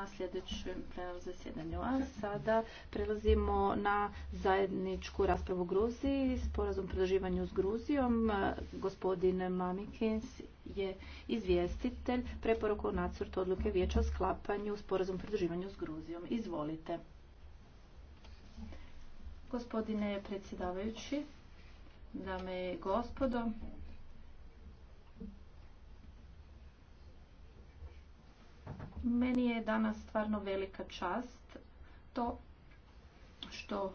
na sljedećem plenarnom zasjedanju. A sada prelazimo na zajedničku raspravu u Gruziji, sporazum o pridruživanju s Gruzijom. E, gospodin Mamikins je izvjestitelj preporuku o nacrtu odluke vijeća o sklapanju sporazum o s Gruzijom. Izvolite. Gospodine predsjedavajući, dame i gospodo, Meni je danas stvarno velika čast to što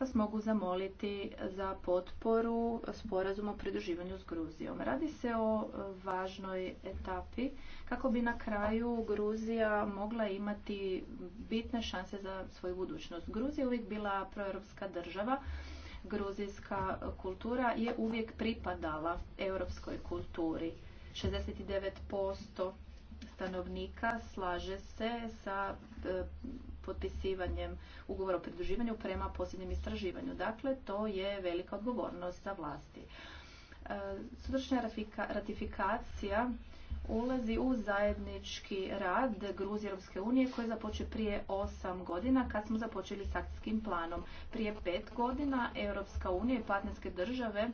vas mogu zamoliti za potporu sporazumu o pridruživanju s Gruzijom. Radi se o važnoj etapi kako bi na kraju Gruzija mogla imati bitne šanse za svoju budućnost. Gruzija je uvijek bila proeuropska država. Gruzijska kultura je uvijek pripadala europskoj kulturi. 69% stanovnika slaže se sa e, potpisivanjem ugovora o pridruživanju prema posljednjem istraživanju. Dakle, to je velika odgovornost za vlasti. E, sutrašnja ratifikacija ulazi u zajednički rad Gruzije Europske unije koji je prije osam godina kad smo započeli s akcijskim planom. Prije pet godina Europska unija i partnerske države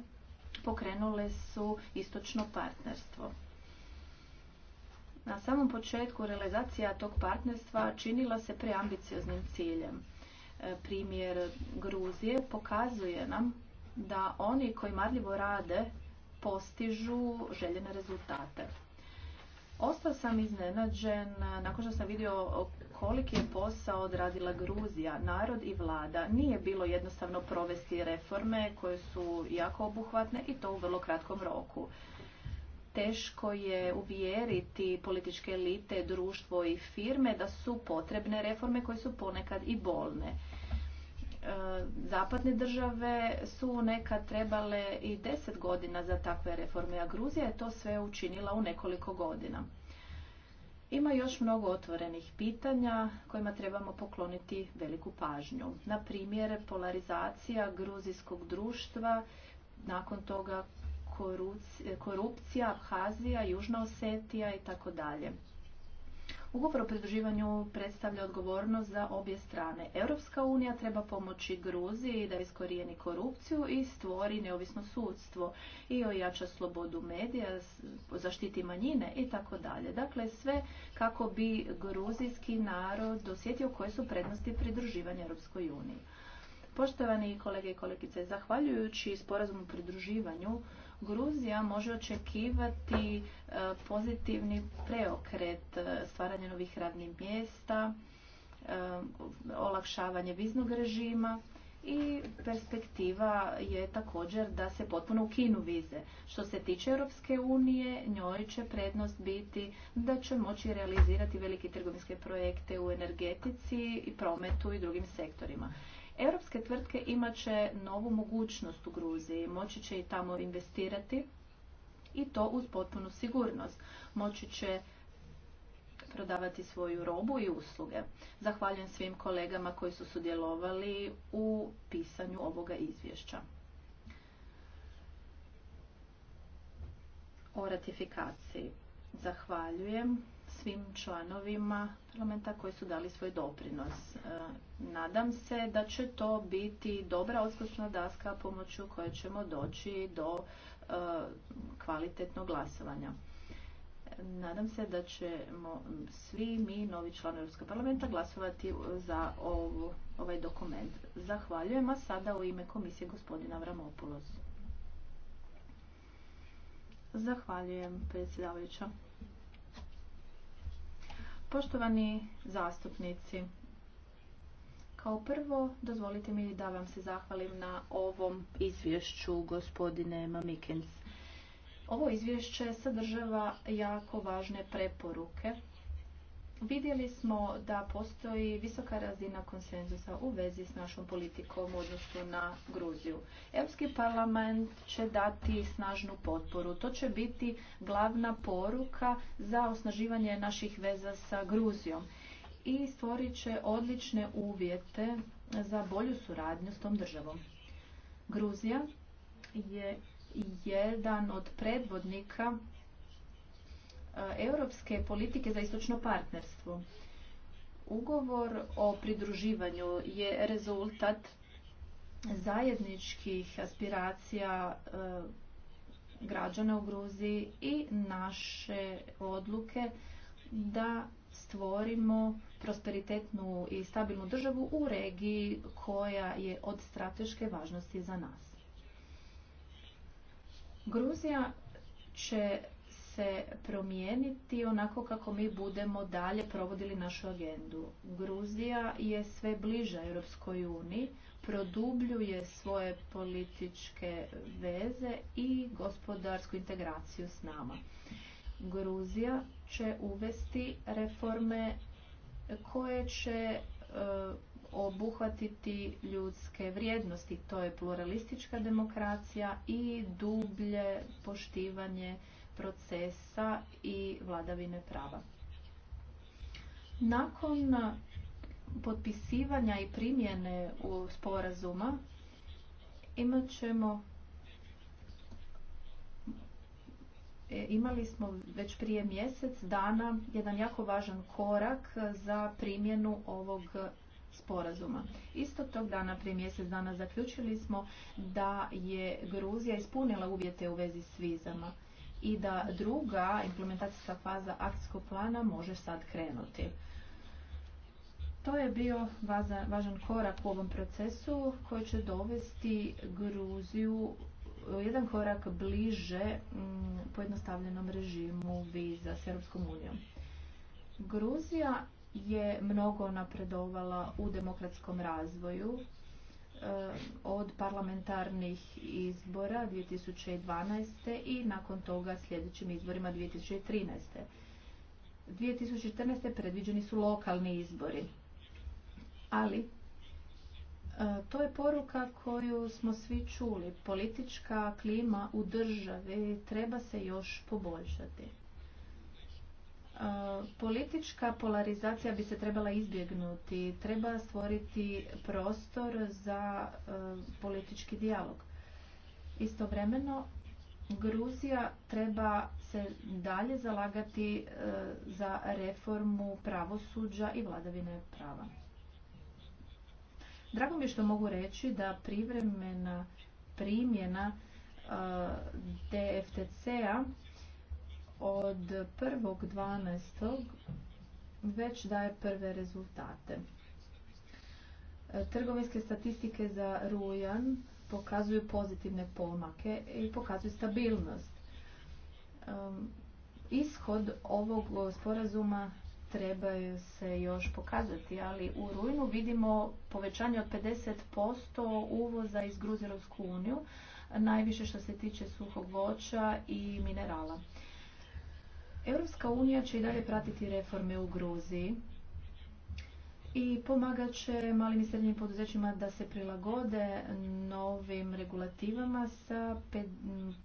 pokrenule su istočno partnerstvo. Na samom početku realizacija tog partnerstva činila se preambicioznim ciljem. E, primjer Gruzije pokazuje nam da oni koji marljivo rade postižu željene rezultate. Ostao sam iznenađen nakon što sam vidio koliki je posao odradila Gruzija, narod i vlada. Nije bilo jednostavno provesti reforme koje su jako obuhvatne i to u vrlo kratkom roku teško je uvjeriti političke elite, društvo i firme da su potrebne reforme koje su ponekad i bolne. E, zapadne države su nekad trebale i deset godina za takve reforme, a Gruzija je to sve učinila u nekoliko godina. Ima još mnogo otvorenih pitanja kojima trebamo pokloniti veliku pažnju. Na primjer, polarizacija gruzijskog društva nakon toga korupcija, Abhazija, Južna Osetija i tako dalje. Ugovor o pridruživanju predstavlja odgovornost za obje strane. Europska unija treba pomoći Gruziji da iskorijeni korupciju i stvori neovisno sudstvo i ojača slobodu medija, zaštiti manjine i tako dalje. Dakle, sve kako bi gruzijski narod dosjetio koje su prednosti pridruživanja Europskoj uniji. Poštovani kolege i kolegice, zahvaljujući sporazumu pridruživanju, Gruzija može očekivati e, pozitivni preokret e, stvaranja novih radnih mjesta, e, olakšavanje viznog režima i perspektiva je također da se potpuno ukinu vize. Što se tiče Europske unije, njoj će prednost biti da će moći realizirati velike trgovinske projekte u energetici i prometu i drugim sektorima. Europske tvrtke imat će novu mogućnost u Gruziji, moći će i tamo investirati i to uz potpunu sigurnost. Moći će prodavati svoju robu i usluge. Zahvaljujem svim kolegama koji su sudjelovali u pisanju ovoga izvješća. O ratifikaciji. Zahvaljujem svim članovima parlamenta koji su dali svoj doprinos. E, nadam se da će to biti dobra odskočna daska pomoću koje ćemo doći do e, kvalitetnog glasovanja. Nadam se da ćemo svi mi, novi članovi Europskog parlamenta, glasovati za ovaj dokument. Zahvaljujem, sada u ime komisije gospodina Vramopulos. Zahvaljujem, predsjedavajuća. Poštovani zastupnici, kao prvo dozvolite mi da vam se zahvalim na ovom izvješću gospodine Mamikens. Ovo izvješće sadržava jako važne preporuke vidjeli smo da postoji visoka razina konsenzusa u vezi s našom politikom u odnosu na Gruziju. Europski parlament će dati snažnu potporu. To će biti glavna poruka za osnaživanje naših veza sa Gruzijom i stvorit će odlične uvjete za bolju suradnju s tom državom. Gruzija je jedan od predvodnika europske politike za istočno partnerstvo. Ugovor o pridruživanju je rezultat zajedničkih aspiracija građana u Gruziji i naše odluke da stvorimo prosperitetnu i stabilnu državu u regiji koja je od strateške važnosti za nas. Gruzija će se promijeniti onako kako mi budemo dalje provodili našu agendu. Gruzija je sve bliža Europskoj uniji, produbljuje svoje političke veze i gospodarsku integraciju s nama. Gruzija će uvesti reforme koje će e, obuhvatiti ljudske vrijednosti. To je pluralistička demokracija i dublje poštivanje procesa i vladavine prava. Nakon potpisivanja i primjene u sporazuma imat ćemo e, imali smo već prije mjesec dana jedan jako važan korak za primjenu ovog sporazuma. Istog tog dana, prije mjesec dana, zaključili smo da je Gruzija ispunila uvjete u vezi s vizama i da druga implementacijska faza akcijskog plana može sad krenuti. To je bio važan korak u ovom procesu koji će dovesti Gruziju jedan korak bliže mm, pojednostavljenom režimu viza s Europskom unijom. Gruzija je mnogo napredovala u demokratskom razvoju Eh, od parlamentarnih izbora 2012. i nakon toga sljedećim izborima 2013. 2014. predviđeni su lokalni izbori. Ali eh, to je poruka koju smo svi čuli. Politička klima u državi treba se još poboljšati. E, politička polarizacija bi se trebala izbjegnuti. Treba stvoriti prostor za e, politički dijalog. Istovremeno, Gruzija treba se dalje zalagati e, za reformu pravosuđa i vladavine prava. Drago mi je što mogu reći da privremena primjena DFTC-a od 1.12. već daje prve rezultate. E, trgovinske statistike za rujan pokazuju pozitivne pomake i pokazuju stabilnost. Ishod ovog sporazuma trebaju se još pokazati, ali u rujnu vidimo povećanje od 50% uvoza iz Gruzirovsku uniju, najviše što se tiče suhog voća i minerala. Europska unija će i dalje pratiti reforme u Gruziji i pomagat će malim i srednjim poduzećima da se prilagode novim regulativama sa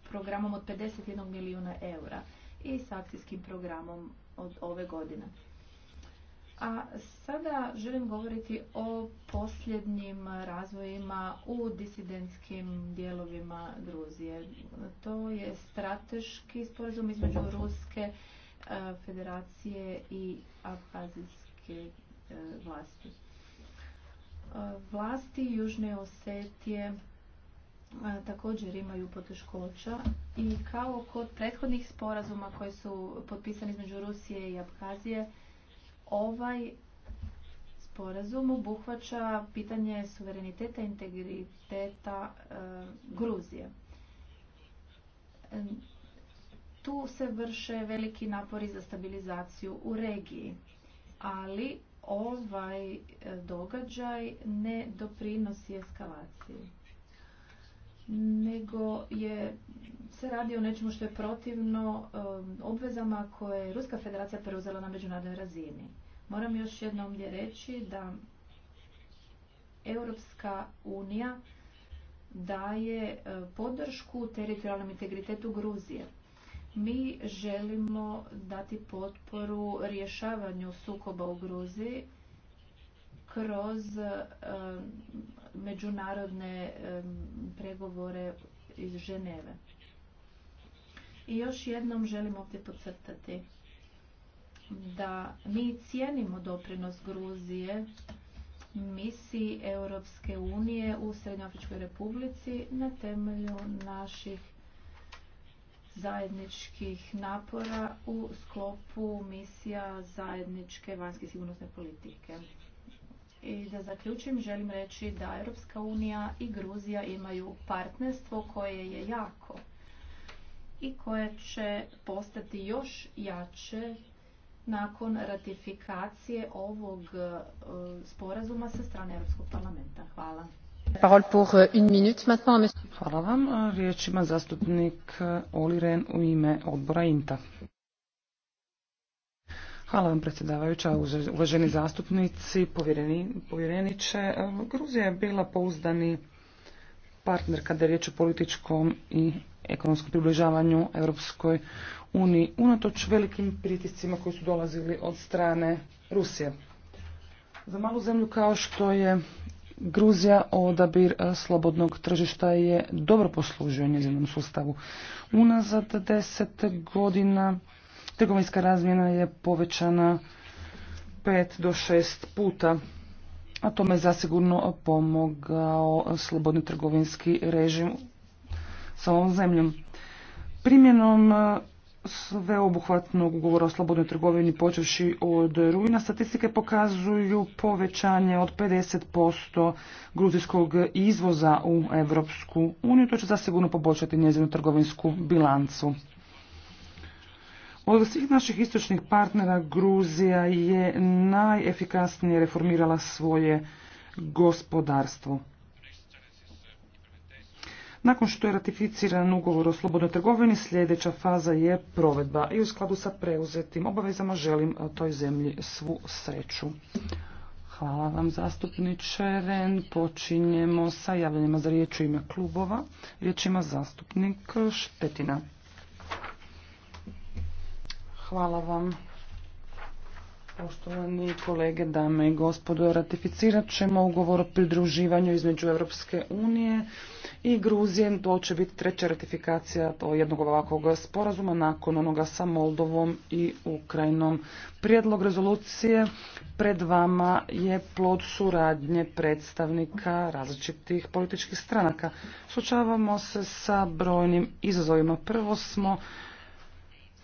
programom od 51 milijuna eura i s akcijskim programom od ove godine. A sada želim govoriti o posljednjim razvojima u disidentskim dijelovima Gruzije. To je strateški sporazum između Ruske e, federacije i abazijske e, vlasti. E, vlasti Južne Osetije također imaju poteškoća i kao kod prethodnih sporazuma koji su potpisani između Rusije i Abhazije, Ovaj sporazum obuhvaća pitanje suvereniteta i integriteta e, Gruzije. E, tu se vrše veliki napori za stabilizaciju u regiji, ali ovaj e, događaj ne doprinosi eskalaciji, nego je se radi o nečemu što je protivno um, obvezama koje je Ruska federacija preuzela na međunarodnoj razini. Moram još jednom ovdje reći da Europska unija daje e, podršku teritorijalnom integritetu Gruzije. Mi želimo dati potporu rješavanju sukoba u Gruziji kroz e, međunarodne e, pregovore iz Ženeve. I još jednom želim ovdje podcrtati da mi cijenimo doprinos Gruzije misiji Europske unije u Srednjoafričkoj republici na temelju naših zajedničkih napora u sklopu misija zajedničke vanjske sigurnosne politike. I da zaključim, želim reći da Europska unija i Gruzija imaju partnerstvo koje je jako i koje će postati još jače nakon ratifikacije ovog e, sporazuma sa strane Europskog parlamenta. Hvala. E, Hvala vam. E, riječ ima zastupnik Oliren u ime odbora INTA. Hvala vam predsjedavajuća, uvaženi zastupnici, povjereni, povjereniče. Gruzija je bila pouzdani partner kada je riječ o političkom i ekonomskom približavanju Europskoj uniji unatoč velikim pritiscima koji su dolazili od strane Rusije. Za malu zemlju kao što je Gruzija odabir e, slobodnog tržišta je dobro poslužio njezinom sustavu. Unazad deset godina trgovinska razmjena je povećana pet do šest puta, a tome je zasigurno pomogao slobodni trgovinski režim sa ovom zemljom. Primjenom e, sveobuhvatnog ugovora o slobodnoj trgovini počeši od rujna statistike pokazuju povećanje od 50% gruzijskog izvoza u Europsku uniju. To će zasigurno poboljšati njezinu trgovinsku bilancu. Od svih naših istočnih partnera Gruzija je najefikasnije reformirala svoje gospodarstvo. Nakon što je ratificiran ugovor o slobodnoj trgovini, sljedeća faza je provedba i u skladu sa preuzetim obavezama želim e, toj zemlji svu sreću. Hvala vam zastupniče Ren. Počinjemo sa javljanjima za riječ u ime klubova. Riječ ima zastupnik Štetina. Hvala vam Poštovani kolege, dame i gospodo, ratificirat ćemo ugovor o pridruživanju između Europske unije i Gruzije. To će biti treća ratifikacija jednog ovakvog sporazuma nakon onoga sa Moldovom i Ukrajinom. Prijedlog rezolucije pred vama je plod suradnje predstavnika različitih političkih stranaka. Suočavamo se sa brojnim izazovima. Prvo smo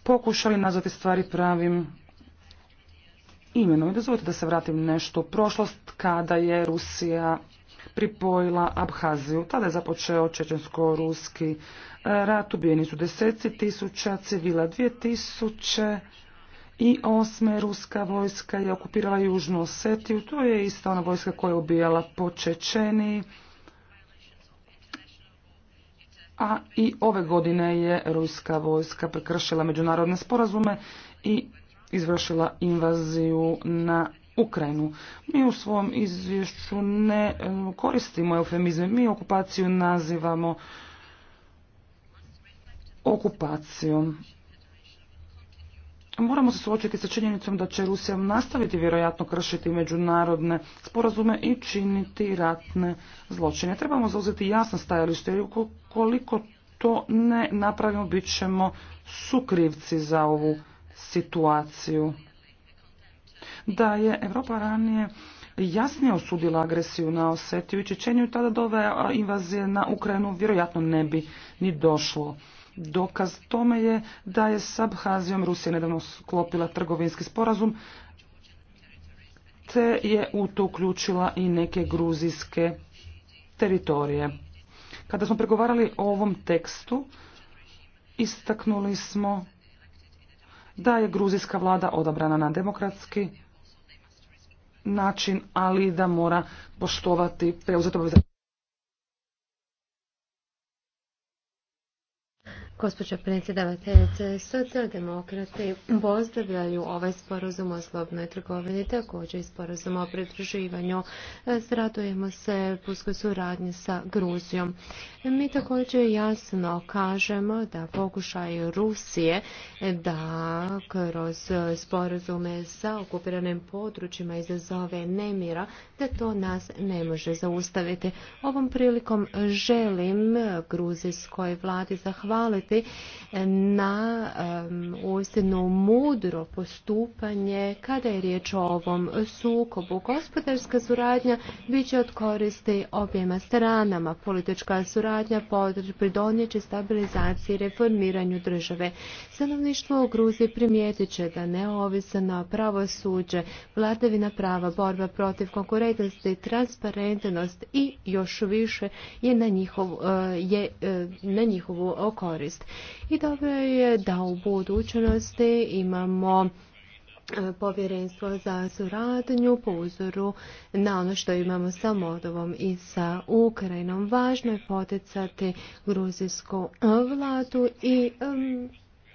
pokušali nazvati stvari pravim imenom. I dozvolite da se vratim nešto u prošlost kada je Rusija pripojila Abhaziju. Tada je započeo čečensko-ruski rat. Ubijeni su deseci tisuća civila. tisuće i osme ruska vojska je okupirala Južnu Osetiju. To je ista ona vojska koja je ubijala po A i ove godine je ruska vojska prekršila međunarodne sporazume i izvršila invaziju na Ukrajinu. Mi u svom izvješću ne e, koristimo eufemizme, mi okupaciju nazivamo okupacijom. Moramo se suočiti sa činjenicom da će Rusija nastaviti vjerojatno kršiti međunarodne sporazume i činiti ratne zločine. Trebamo zauzeti jasno stajalište jer ukoliko to ne napravimo bit ćemo sukrivci za ovu situaciju. Da je Evropa ranije jasnije osudila agresiju na Osetiju i Čečenju tada do ove invazije na Ukrajinu vjerojatno ne bi ni došlo. Dokaz tome je da je s Abhazijom Rusija nedavno sklopila trgovinski sporazum te je u to uključila i neke gruzijske teritorije. Kada smo pregovarali o ovom tekstu, istaknuli smo da je gruzijska vlada odabrana na demokratski način, ali da mora poštovati preuzeto Gospođo predsjedavateljice, socijaldemokrati pozdravljaju ovaj sporazum o slobnoj trgovini, također i sporazum o pridruživanju. Zradujemo se pusko suradnji sa Gruzijom. Mi također jasno kažemo da pokušaju Rusije da kroz sporazume sa okupiranim područjima izazove nemira, da to nas ne može zaustaviti. Ovom prilikom želim gruzijskoj vladi zahvaliti na uistinu mudro postupanje kada je riječ o ovom sukobu. Gospodarska suradnja bit će od koristi objema stranama. Politička suradnja pridonijet će stabilizaciji i reformiranju države. Stanovništvo u Gruziji primijetit će da neovisano pravosuđe, vladavina prava, borba protiv konkurentnosti, transparentnost i još više je na, njihov, eh, je eh, na njihovu korist. I dobro je da u budućnosti imamo e, povjerenstvo za suradnju po uzoru na ono što imamo sa Modovom i sa Ukrajinom. Važno je poticati gruzijsku e, vladu i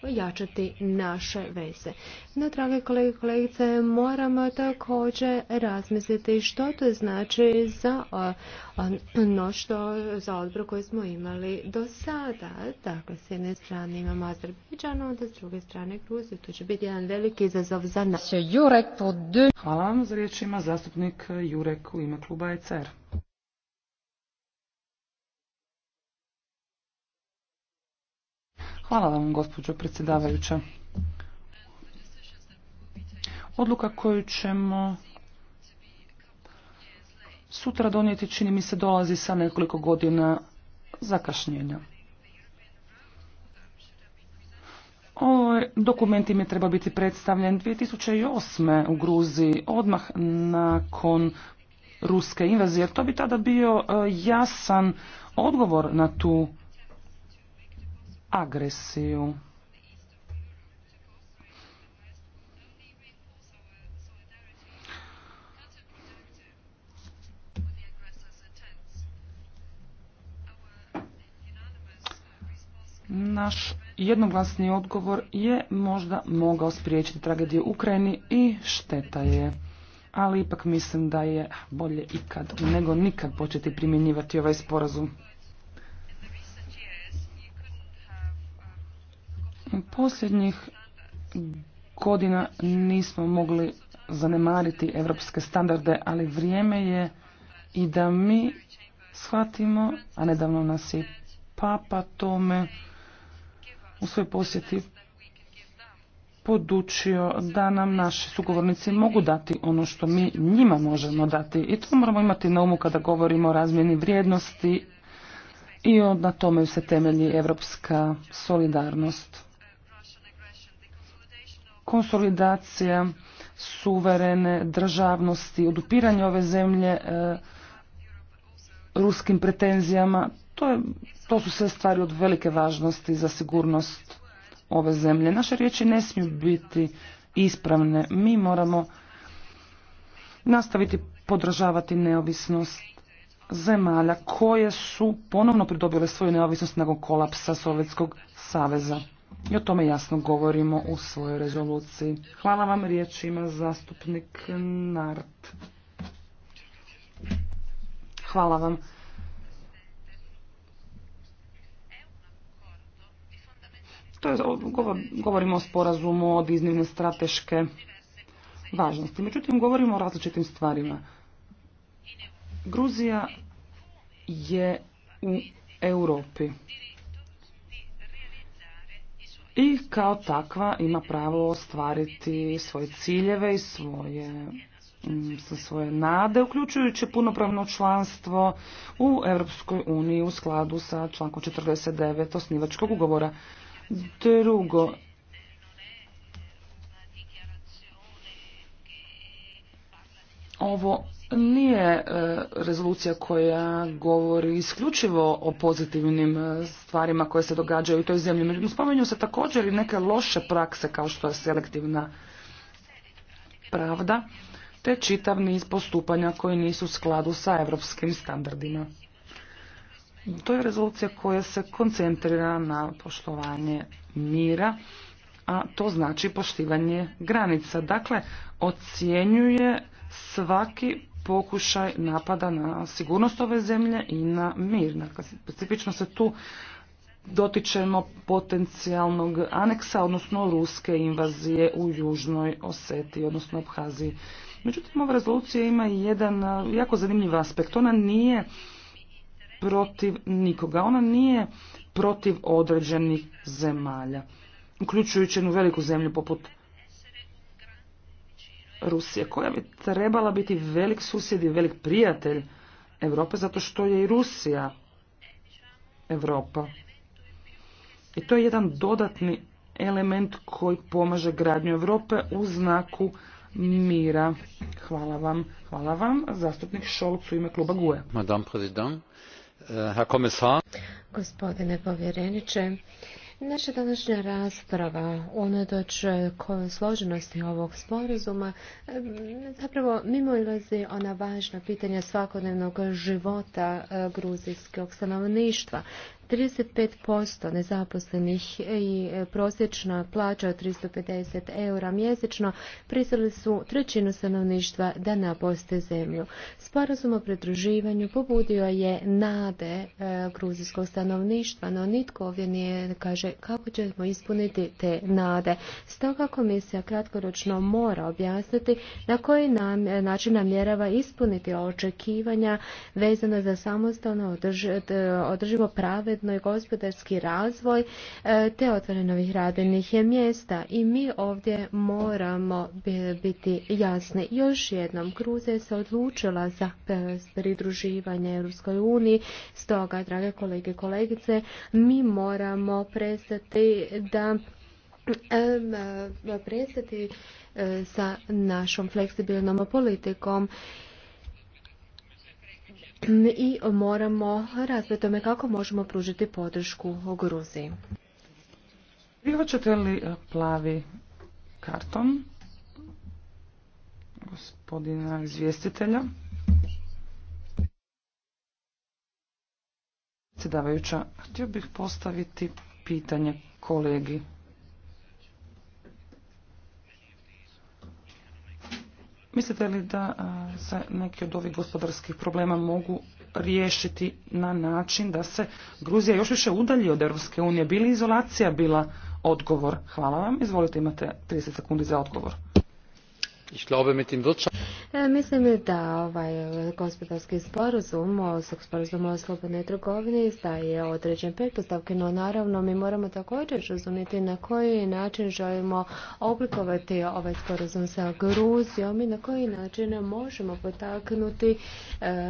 ojačati naše veze. Na drage kolege i kolegice, moramo također razmisliti što to znači za ono što za odbor koji smo imali do sada. Dakle, s jedne strane imamo Azerbejdžan, onda s druge strane Gruziju. To će biti jedan veliki izazov za nas. Hvala vam za riječ zastupnik Jurek u ime kluba e Hvala vam, gospođo predsjedavajuća. Odluka koju ćemo sutra donijeti, čini mi se, dolazi sa nekoliko godina zakašnjenja. Ovaj dokument im je treba biti predstavljen 2008. u Gruziji, odmah nakon ruske invazije. To bi tada bio e, jasan odgovor na tu agresiju. Naš jednoglasni odgovor je možda mogao spriječiti tragediju u Ukrajini i šteta je. Ali ipak mislim da je bolje ikad nego nikad početi primjenjivati ovaj sporazum. Posljednjih godina nismo mogli zanemariti evropske standarde, ali vrijeme je i da mi shvatimo, a nedavno nas je papa tome u svoj posjeti podučio da nam naši sugovornici mogu dati ono što mi njima možemo dati. I to moramo imati na umu kada govorimo o razmjeni vrijednosti i na tome se temelji evropska solidarnost konsolidacija suverene državnosti, odupiranje ove zemlje e, ruskim pretenzijama. To, to su sve stvari od velike važnosti za sigurnost ove zemlje. Naše riječi ne smiju biti ispravne. Mi moramo nastaviti podržavati neovisnost zemalja koje su ponovno pridobile svoju neovisnost nakon kolapsa Sovjetskog saveza. I o tome jasno govorimo u svojoj rezoluciji. Hvala vam, riječ zastupnik Nart. Hvala vam. To govorimo o sporazumu od iznimne strateške važnosti. Međutim, govorimo o različitim stvarima. Gruzija je u Europi i kao takva ima pravo ostvariti svoje ciljeve i svoje mm, svoje nade, uključujući punopravno članstvo u Europskoj uniji u skladu sa člankom 49 osnivačkog ugovora. Drugo, ovo nije e, rezolucija koja govori isključivo o pozitivnim e, stvarima koje se događaju u toj zemlji. Međutim, spomenju se također i neke loše prakse kao što je selektivna pravda, te čitav niz postupanja koji nisu u skladu sa evropskim standardima. To je rezolucija koja se koncentrira na poštovanje mira, a to znači poštivanje granica. Dakle, ocjenjuje svaki pokušaj napada na sigurnost ove zemlje i na mir. Dakle, specifično se tu dotičemo potencijalnog aneksa, odnosno ruske invazije u Južnoj Oseti, odnosno Abhaziji. Međutim, ova rezolucija ima jedan jako zanimljiv aspekt. Ona nije protiv nikoga. Ona nije protiv određenih zemalja, uključujući jednu veliku zemlju poput Rusije koja bi trebala biti velik susjed i velik prijatelj Europe zato što je i Rusija Europa. I to je jedan dodatni element koji pomaže gradnju Europe u znaku mira. Hvala vam. Hvala vam. Zastupnik Šolc u ime kluba GUE. Eh, Gospodine povjereniče, Naša današnja rasprava, unatoč e, složenosti ovog sporazuma, e, zapravo mimo ilazi ona važna pitanja svakodnevnog života e, gruzijskog stanovništva. 35% nezaposlenih i e, prosječna plaća od 350 eura mjesečno prisili su trećinu stanovništva da napuste zemlju. Sporazum o pridruživanju pobudio je nade e, gruzijskog stanovništva, no nitko ovdje nije kaže kako ćemo ispuniti te nade. Stoga komisija kratkoročno mora objasniti na koji nam, e, način namjerava ispuniti očekivanja vezano za samostalno održivo prave ujedno gospodarski razvoj e, te otvore novih radnih mjesta. I mi ovdje moramo biti jasni. Još jednom, kruze se odlučila za e, pridruživanje Europskoj uniji. Stoga, drage kolege i kolegice, mi moramo prestati da e, prestati sa našom fleksibilnom politikom i moramo razvjeti tome kako možemo pružiti podršku u Gruziji. Prihvaćate li e, plavi karton gospodina izvjestitelja? Predsjedavajuća, htio bih postaviti pitanje kolegi. Mislite li da se neki od ovih gospodarskih problema mogu riješiti na način da se Gruzija još više udalji od Europske unije? Bili izolacija bila odgovor? Hvala vam. Izvolite, imate 30 sekundi za odgovor. E, mislim da ovaj gospodarski sporazum, sporazum o slobodnoj trgovini daje određen pretpostavke, no naravno mi moramo također razumjeti na koji način želimo oblikovati ovaj sporazum sa Gruzijom i na koji način možemo potaknuti e,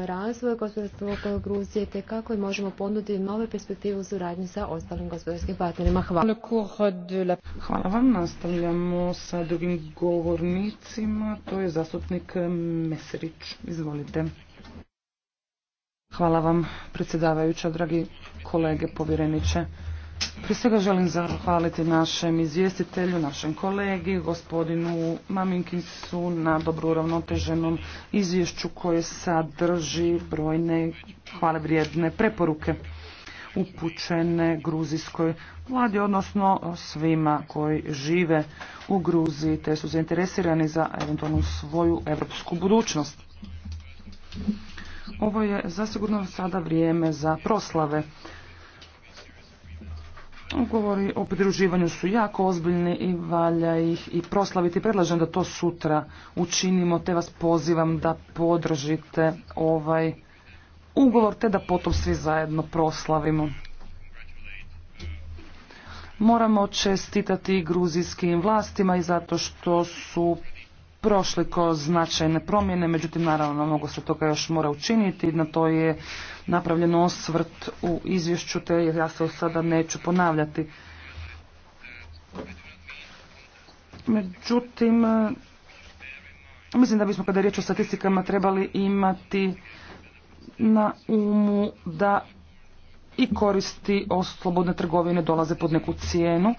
razvoj gospodarstva Gruzije te kako možemo ponuditi nove perspektive u suradnji sa ostalim gospodarskim partnerima. Hvala. vam. Nastavljamo sa drugim govornicima to je zastupnik Mesrić. Izvolite. Hvala vam, predsjedavajuća, dragi kolege, povjereniče. Prije svega želim zahvaliti našem izvjestitelju, našem kolegi, gospodinu Maminkisu na dobro uravnoteženom izvješću koje sadrži brojne hvale vrijedne preporuke upućene gruzijskoj vladi, odnosno svima koji žive u Gruziji te su zainteresirani za eventualnu svoju europsku budućnost. Ovo je zasigurno sada vrijeme za proslave. Ugovori o pridruživanju su jako ozbiljni i valja ih i proslaviti. Predlažem da to sutra učinimo te vas pozivam da podržite ovaj ugovor te da potom svi zajedno proslavimo. Moramo čestitati gruzijskim vlastima i zato što su prošli ko značajne promjene, međutim naravno mnogo se toga još mora učiniti, na to je napravljeno osvrt u izvješću, te ja se sada neću ponavljati. Međutim, mislim da bismo kada je riječ o statistikama trebali imati na umu da i koristi o slobodne trgovine dolaze pod neku cijenu,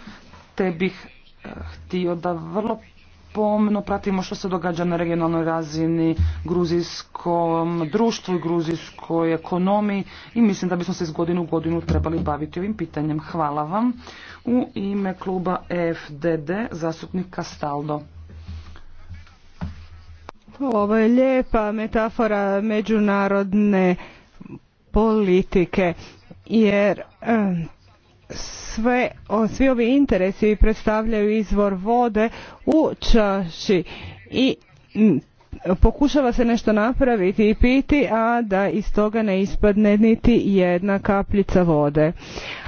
te bih eh, htio da vrlo pomno pratimo što se događa na regionalnoj razini gruzijskom društvu i gruzijskoj ekonomiji i mislim da bismo se iz godinu u godinu trebali baviti ovim pitanjem. Hvala vam. U ime kluba e FDD zastupnik Kastaldo. Ovo je lijepa metafora međunarodne politike jer svi ovi interesi predstavljaju izvor vode u čaši i pokušava se nešto napraviti i piti, a da iz toga ne ispadne niti jedna kapljica vode.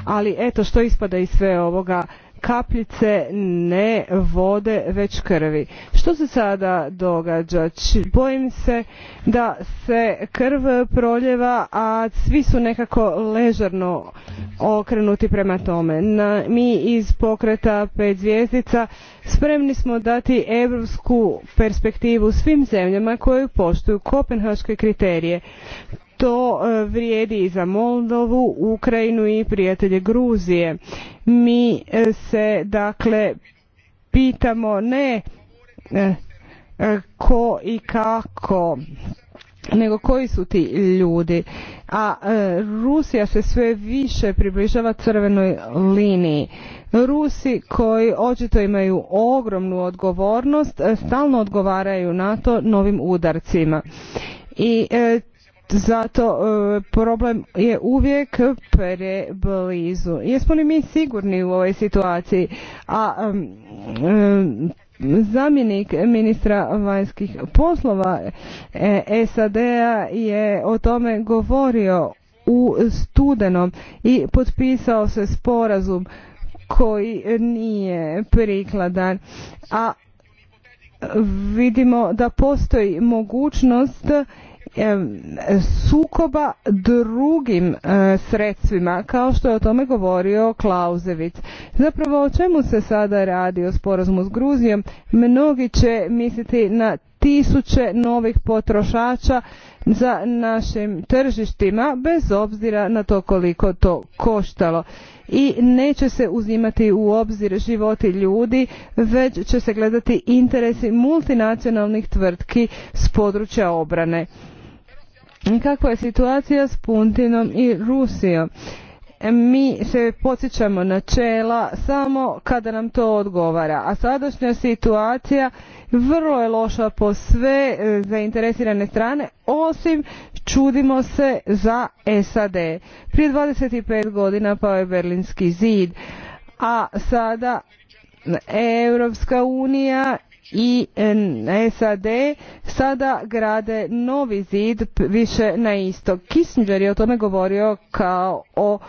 Ali eto što ispada iz sve ovoga kapljice ne vode već krvi. Što se sada događa? Bojim se da se krv proljeva, a svi su nekako ležarno okrenuti prema tome. mi iz pokreta pet zvijezdica spremni smo dati europsku perspektivu svim zemljama koje poštuju kopenhaške kriterije to e, vrijedi i za Moldovu, Ukrajinu i prijatelje Gruzije. Mi e, se dakle pitamo ne e, ko i kako nego koji su ti ljudi a Rusija se sve više približava crvenoj liniji Rusi koji očito imaju ogromnu odgovornost stalno odgovaraju na to novim udarcima i zato e, problem je uvijek preblizu. Jesmo li mi sigurni u ovoj situaciji? A zamjenik ministra vanjskih poslova e, SAD-a je o tome govorio u studenom i potpisao se sporazum koji nije prikladan. A vidimo da postoji mogućnost sukoba drugim e, sredstvima kao što je o tome govorio Klauzević. Zapravo o čemu se sada radi o sporazumu s Gruzijom? Mnogi će misliti na tisuće novih potrošača za našim tržištima bez obzira na to koliko to koštalo i neće se uzimati u obzir životi ljudi već će se gledati interesi multinacionalnih tvrtki s područja obrane kakva je situacija s Puntinom i Rusijom mi se podsjećamo načela samo kada nam to odgovara a sadašnja situacija vrlo je loša po sve e, zainteresirane strane osim čudimo se za sad prije 25 godina pao je berlinski zid a sada europska unija i SAD sada grade novi zid više na istok. Kissinger je o tome govorio kao o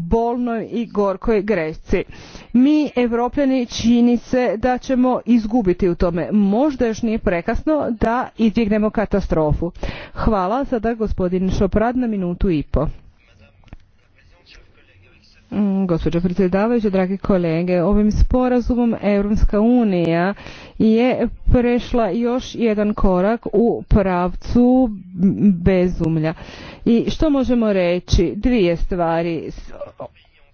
bolnoj i gorkoj grešci. Mi, evropljani, čini se da ćemo izgubiti u tome. Možda još nije prekasno da izbjegnemo katastrofu. Hvala sada gospodin Šoprad na minutu i po. Mm, gospođo predsjedavajuće, dragi kolege, ovim sporazumom Europska unija je prešla još jedan korak u pravcu bezumlja. I što možemo reći? Dvije stvari.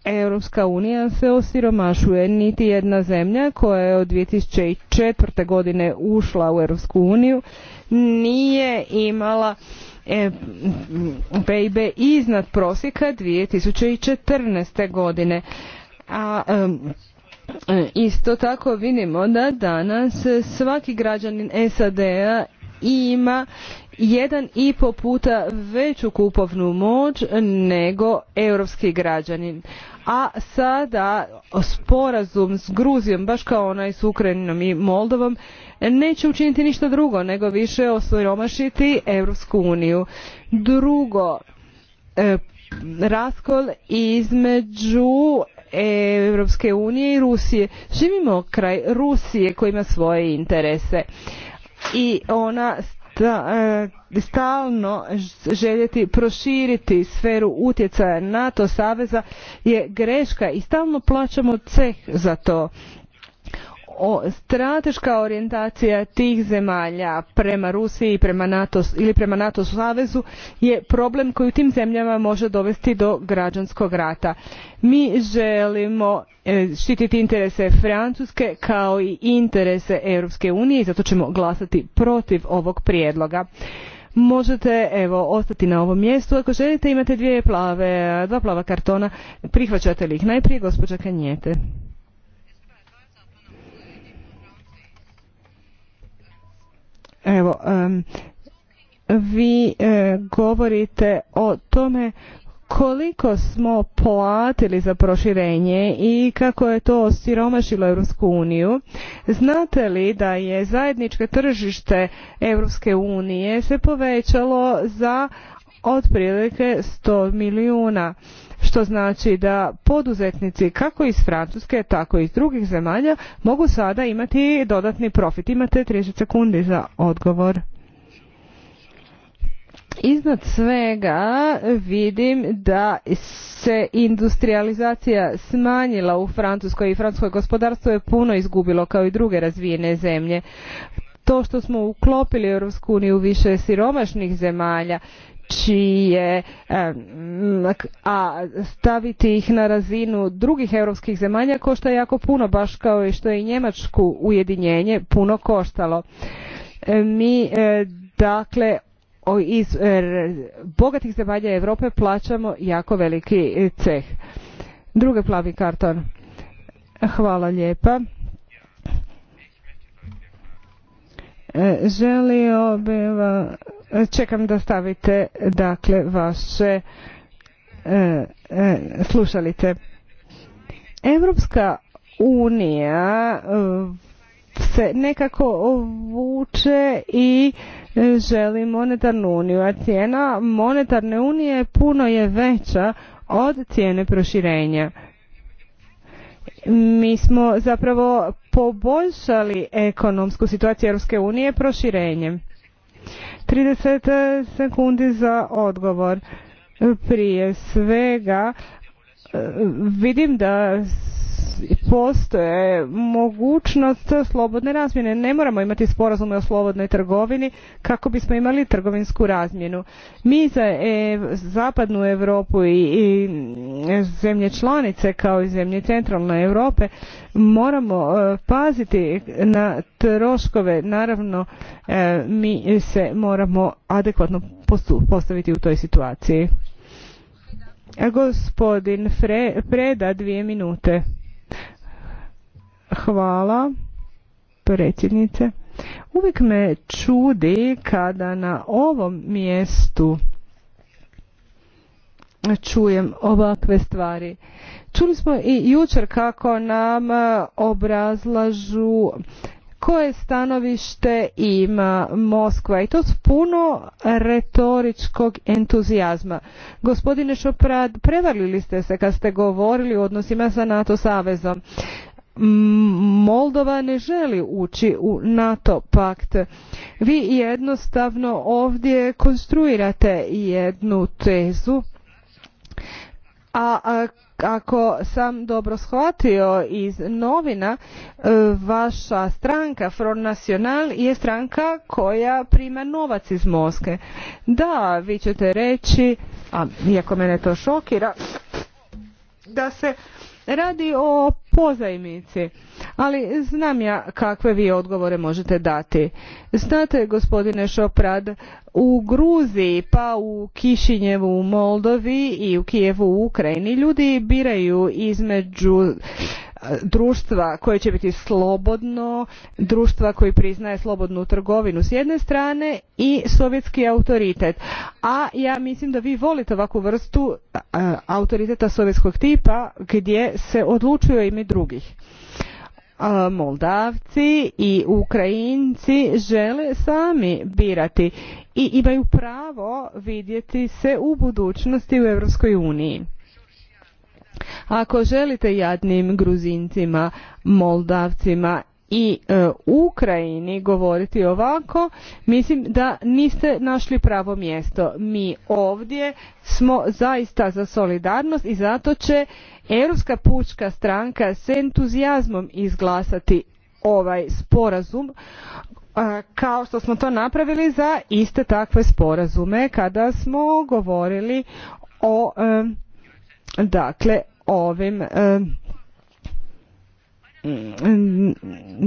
Europska unija se osiromašuje. Niti jedna zemlja koja je od 2004. godine ušla u Europsku uniju nije imala PIB e, iznad prosjeka 2014. godine. A e, isto tako vidimo da danas svaki građanin SAD-a ima jedan i po puta veću kupovnu moć nego europski građanin a sada sporazum s Gruzijom, baš kao onaj s Ukrajinom i Moldovom, neće učiniti ništa drugo nego više osiromašiti Europsku uniju. Drugo, e, raskol između Europske unije i Rusije. Živimo kraj Rusije koja ima svoje interese i ona E, stalno željeti proširiti sferu utjecaja NATO saveza je greška i stalno plaćamo ceh za to strateška orijentacija tih zemalja prema Rusiji ili prema NATO savezu je problem koji u tim zemljama može dovesti do građanskog rata. Mi želimo e, štititi interese Francuske kao i interese Europske unije i zato ćemo glasati protiv ovog prijedloga. Možete evo ostati na ovom mjestu. Ako želite imate dvije plave, dva plava kartona. Prihvaćate li ih? Najprije gospođa Kanjete. Evo, vi e, govorite o tome koliko smo platili za proširenje i kako je to siromašilo Europsku uniju. Znate li da je zajedničko tržište Europske unije se povećalo za otprilike 100 milijuna što znači da poduzetnici kako iz Francuske, tako i iz drugih zemalja mogu sada imati dodatni profit. Imate 30 sekundi za odgovor. Iznad svega vidim da se industrializacija smanjila u Francuskoj i francusko gospodarstvo je puno izgubilo kao i druge razvijene zemlje. To što smo uklopili Europsku uniju više siromašnih zemalja čije a staviti ih na razinu drugih europskih zemalja košta jako puno baš kao i što je i njemačku ujedinjenje puno koštalo e, mi e, dakle iz e, bogatih zemalja Europe plaćamo jako veliki ceh drugi plavi karton hvala lijepa E, želio bih vam, čekam da stavite dakle vaše e, e, slušalice. Evropska unija se nekako vuče i želi monetarnu uniju, a cijena monetarne unije puno je veća od cijene proširenja mi smo zapravo poboljšali ekonomsku situaciju Europske unije proširenjem. Trideset sekundi za odgovor. Prije svega e, vidim da postoje mogućnost slobodne razmjene. Ne moramo imati sporazume o slobodnoj trgovini kako bismo imali trgovinsku razmjenu. Mi za e, zapadnu Europu i, zemlje članice kao i zemlje centralne Europe moramo e, paziti na troškove. Naravno e, mi se moramo adekvatno postaviti u toj situaciji. Gospodin Fre, dvije minute. Hvala, predsjednice. Uvijek me čudi kada na ovom mjestu čujem ovakve stvari. Čuli smo i jučer kako nam e, obrazlažu koje stanovište ima Moskva i to s puno retoričkog entuzijazma. Gospodine Šoprad, prevalili ste se kad ste govorili o odnosima sa NATO savezom. Moldova ne želi ući u NATO pakt. Vi jednostavno ovdje konstruirate jednu tezu, a, ako sam dobro shvatio iz novina, vaša stranka Front National je stranka koja prima novac iz Moske. Da, vi ćete reći, a iako mene to šokira, da se radi o pozajmici. Ali znam ja kakve vi odgovore možete dati. Znate, gospodine Šoprad, u Gruziji, pa u Kišinjevu, u Moldovi i u Kijevu, u Ukrajini ljudi biraju između društva koje će biti slobodno, društva koji priznaje slobodnu trgovinu s jedne strane i sovjetski autoritet. A ja mislim da vi volite ovakvu vrstu autoriteta sovjetskog tipa gdje se odlučuje ime drugih. Moldavci i Ukrajinci žele sami birati i imaju pravo vidjeti se u budućnosti u Europskoj uniji. Ako želite jadnim Gruzincima, Moldavcima i e, Ukrajini govoriti ovako, mislim da niste našli pravo mjesto. Mi ovdje smo zaista za solidarnost i zato će Europska pučka stranka s entuzijazmom izglasati ovaj sporazum e, kao što smo to napravili za iste takve sporazume kada smo govorili o e, dakle ovim e, mm,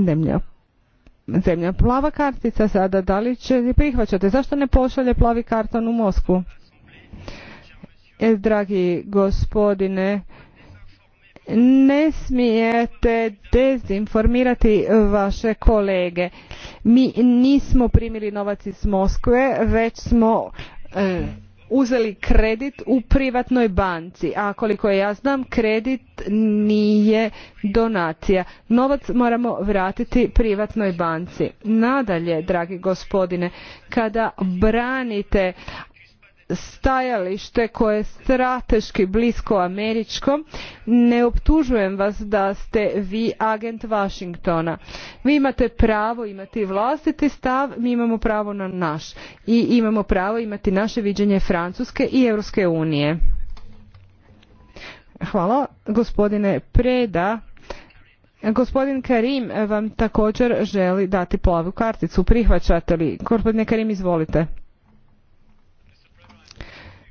zemlja zemlja plava kartica sada da li će prihvaćate zašto ne pošalje plavi karton u Moskvu e, dragi gospodine ne smijete dezinformirati vaše kolege mi nismo primili novac iz Moskve već smo e, uzeli kredit u privatnoj banci a koliko ja znam kredit nije donacija novac moramo vratiti privatnoj banci nadalje dragi gospodine kada branite stajalište koje je strateški blisko američkom ne optužujem vas da ste vi agent Washingtona vi imate pravo imati vlastiti stav mi imamo pravo na naš i imamo pravo imati naše viđenje Francuske i Europske unije Hvala gospodine Preda Gospodin Karim vam također želi dati plavu karticu. Prihvaćate li? Gospodine Karim, izvolite.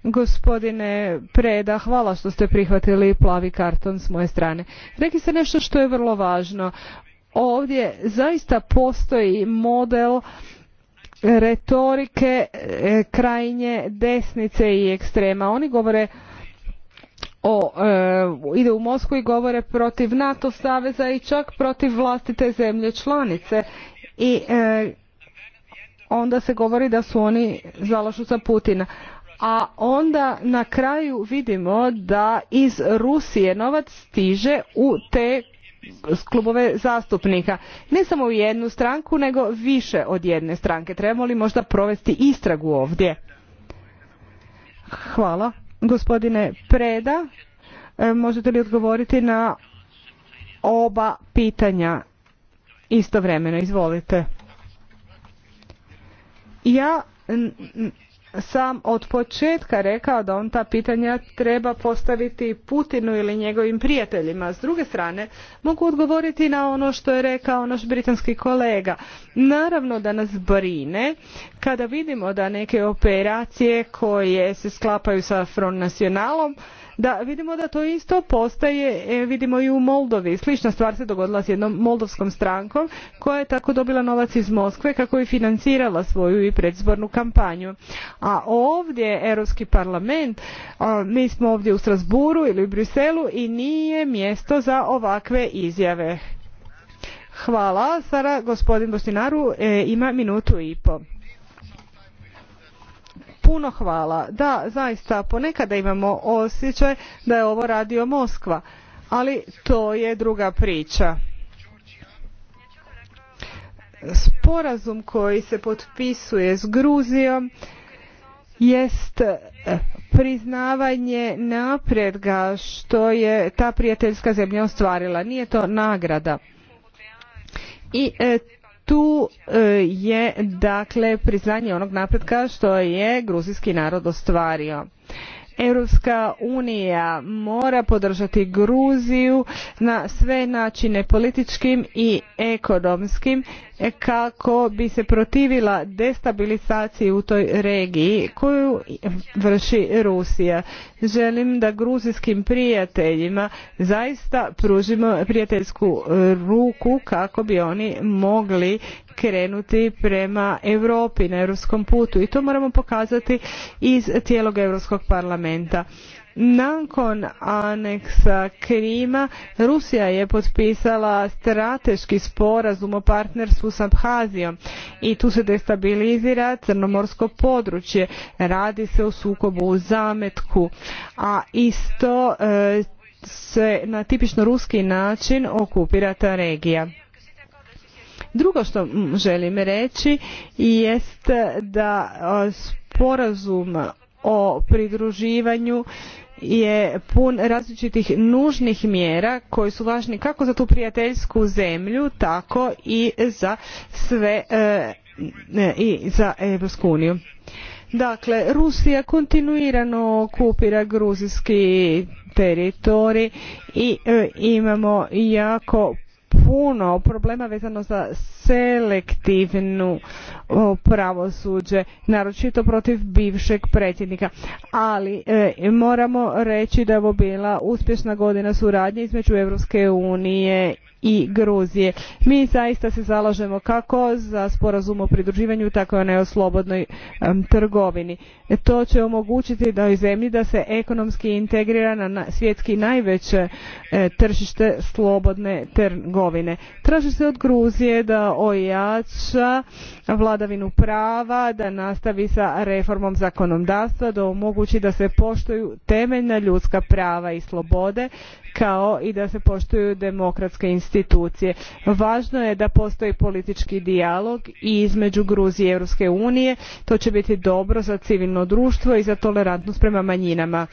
Gospodine Preda, hvala što ste prihvatili plavi karton s moje strane. Rekli ste nešto što je vrlo važno. Ovdje zaista postoji model retorike e, krajnje desnice i ekstrema. Oni govore o, e, ide u Moskvu i govore protiv NATO saveza i čak protiv vlastite zemlje članice. I e, onda se govori da su oni zalažu za Putina a onda na kraju vidimo da iz Rusije novac stiže u te klubove zastupnika. Ne samo u jednu stranku, nego više od jedne stranke. Trebamo li možda provesti istragu ovdje? Hvala. Gospodine Preda, e, možete li odgovoriti na oba pitanja istovremeno? Izvolite. Ja sam od početka rekao da on ta pitanja treba postaviti Putinu ili njegovim prijateljima. S druge strane, mogu odgovoriti na ono što je rekao naš britanski kolega. Naravno da nas brine kada vidimo da neke operacije koje se sklapaju sa Front Nacionalom da vidimo da to isto postaje e, vidimo i u Moldovi. Slična stvar se dogodila s jednom moldovskom strankom koja je tako dobila novac iz Moskve kako je financirala svoju i predizbornu kampanju. A ovdje Europski parlament, mi smo ovdje u Strasburu ili u Briselu i nije mjesto za ovakve izjave. Hvala. Sada gospodin Bostinaru e, ima minutu i pol puno hvala. Da, zaista, ponekada imamo osjećaj da je ovo radio Moskva, ali to je druga priča. Sporazum koji se potpisuje s Gruzijom jest e, priznavanje napredga što je ta prijateljska zemlja ostvarila. Nije to nagrada. I e, tu e, je dakle priznanje onog napretka što je gruzijski narod ostvario Europska unija mora podržati Gruziju na sve načine političkim i ekonomskim kako bi se protivila destabilizaciji u toj regiji koju vrši Rusija. Želim da gruzijskim prijateljima zaista pružimo prijateljsku ruku kako bi oni mogli krenuti prema Europi na europskom putu i to moramo pokazati iz cijelog Europskog parlamenta parlamenta. Nakon aneksa Krima, Rusija je potpisala strateški sporazum o partnerstvu s Abhazijom i tu se destabilizira crnomorsko područje. Radi se o sukobu u zametku, a isto e, se na tipično ruski način okupira ta regija. Drugo što želim reći jest da e, sporazum o pridruživanju je pun različitih nužnih mjera koji su važni kako za tu prijateljsku zemlju tako i za sve e, e, i za Europsku uniju. Dakle, Rusija kontinuirano okupira gruzijski teritorij i e, imamo jako puno problema vezano za selektivnu pravosuđe, naročito protiv bivšeg predsjednika. Ali e, moramo reći da je ovo bila uspješna godina suradnje između Europske unije i Gruzije. Mi zaista se zalažemo kako za sporazum o pridruživanju, tako i o slobodnoj trgovini. E, to će omogućiti da i zemlji da se ekonomski integrira na, svjetski najveće e, tržište slobodne trgovine. Traži se od Gruzije da ojača vladavinu prava, da nastavi sa reformom zakonodavstva, da omogući da se poštuju temeljna ljudska prava i slobode, kao i da se poštuju demokratske institucije. Važno je da postoji politički dijalog i između Gruzije i Europske unije. To će biti dobro za civilno društvo i za tolerantnost prema manjinama.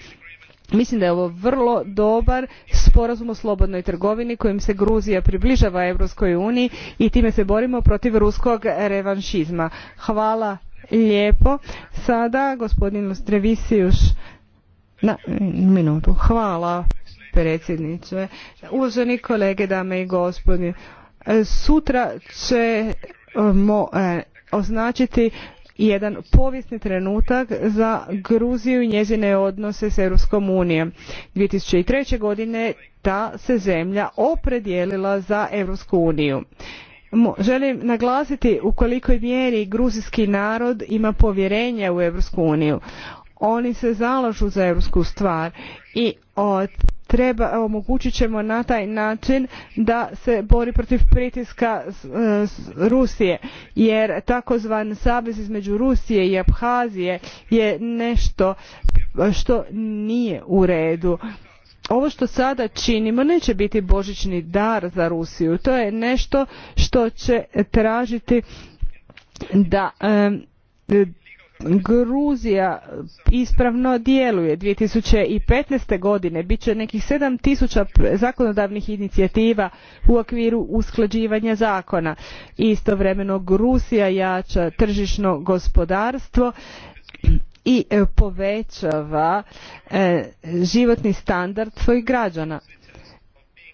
Mislim da je ovo vrlo dobar sporazum o slobodnoj trgovini kojim se Gruzija približava Europskoj uniji i time se borimo protiv ruskog revanšizma. Hvala lijepo. Sada gospodin Strevisijuš na minutu. Hvala predsjedniče. Uvaženi kolege, dame i gospodo, sutra ćemo eh, označiti jedan povijesni trenutak za Gruziju i njezine odnose s Europskom unijom. 2003. godine ta se zemlja opredijelila za Europsku uniju. Želim naglasiti u kolikoj mjeri gruzijski narod ima povjerenja u Europsku uniju. Oni se zalažu za europsku stvar i od treba, omogućit ćemo na taj način da se bori protiv pritiska e, Rusije jer takozvani savez između Rusije i Abhazije je nešto što nije u redu. Ovo što sada činimo neće biti božićni dar za Rusiju. To je nešto što će tražiti da e, Gruzija ispravno djeluje. 2015. godine bit će nekih 7000 zakonodavnih inicijativa u okviru usklađivanja zakona. Istovremeno Gruzija jača tržišno gospodarstvo i e, povećava e, životni standard svojih građana.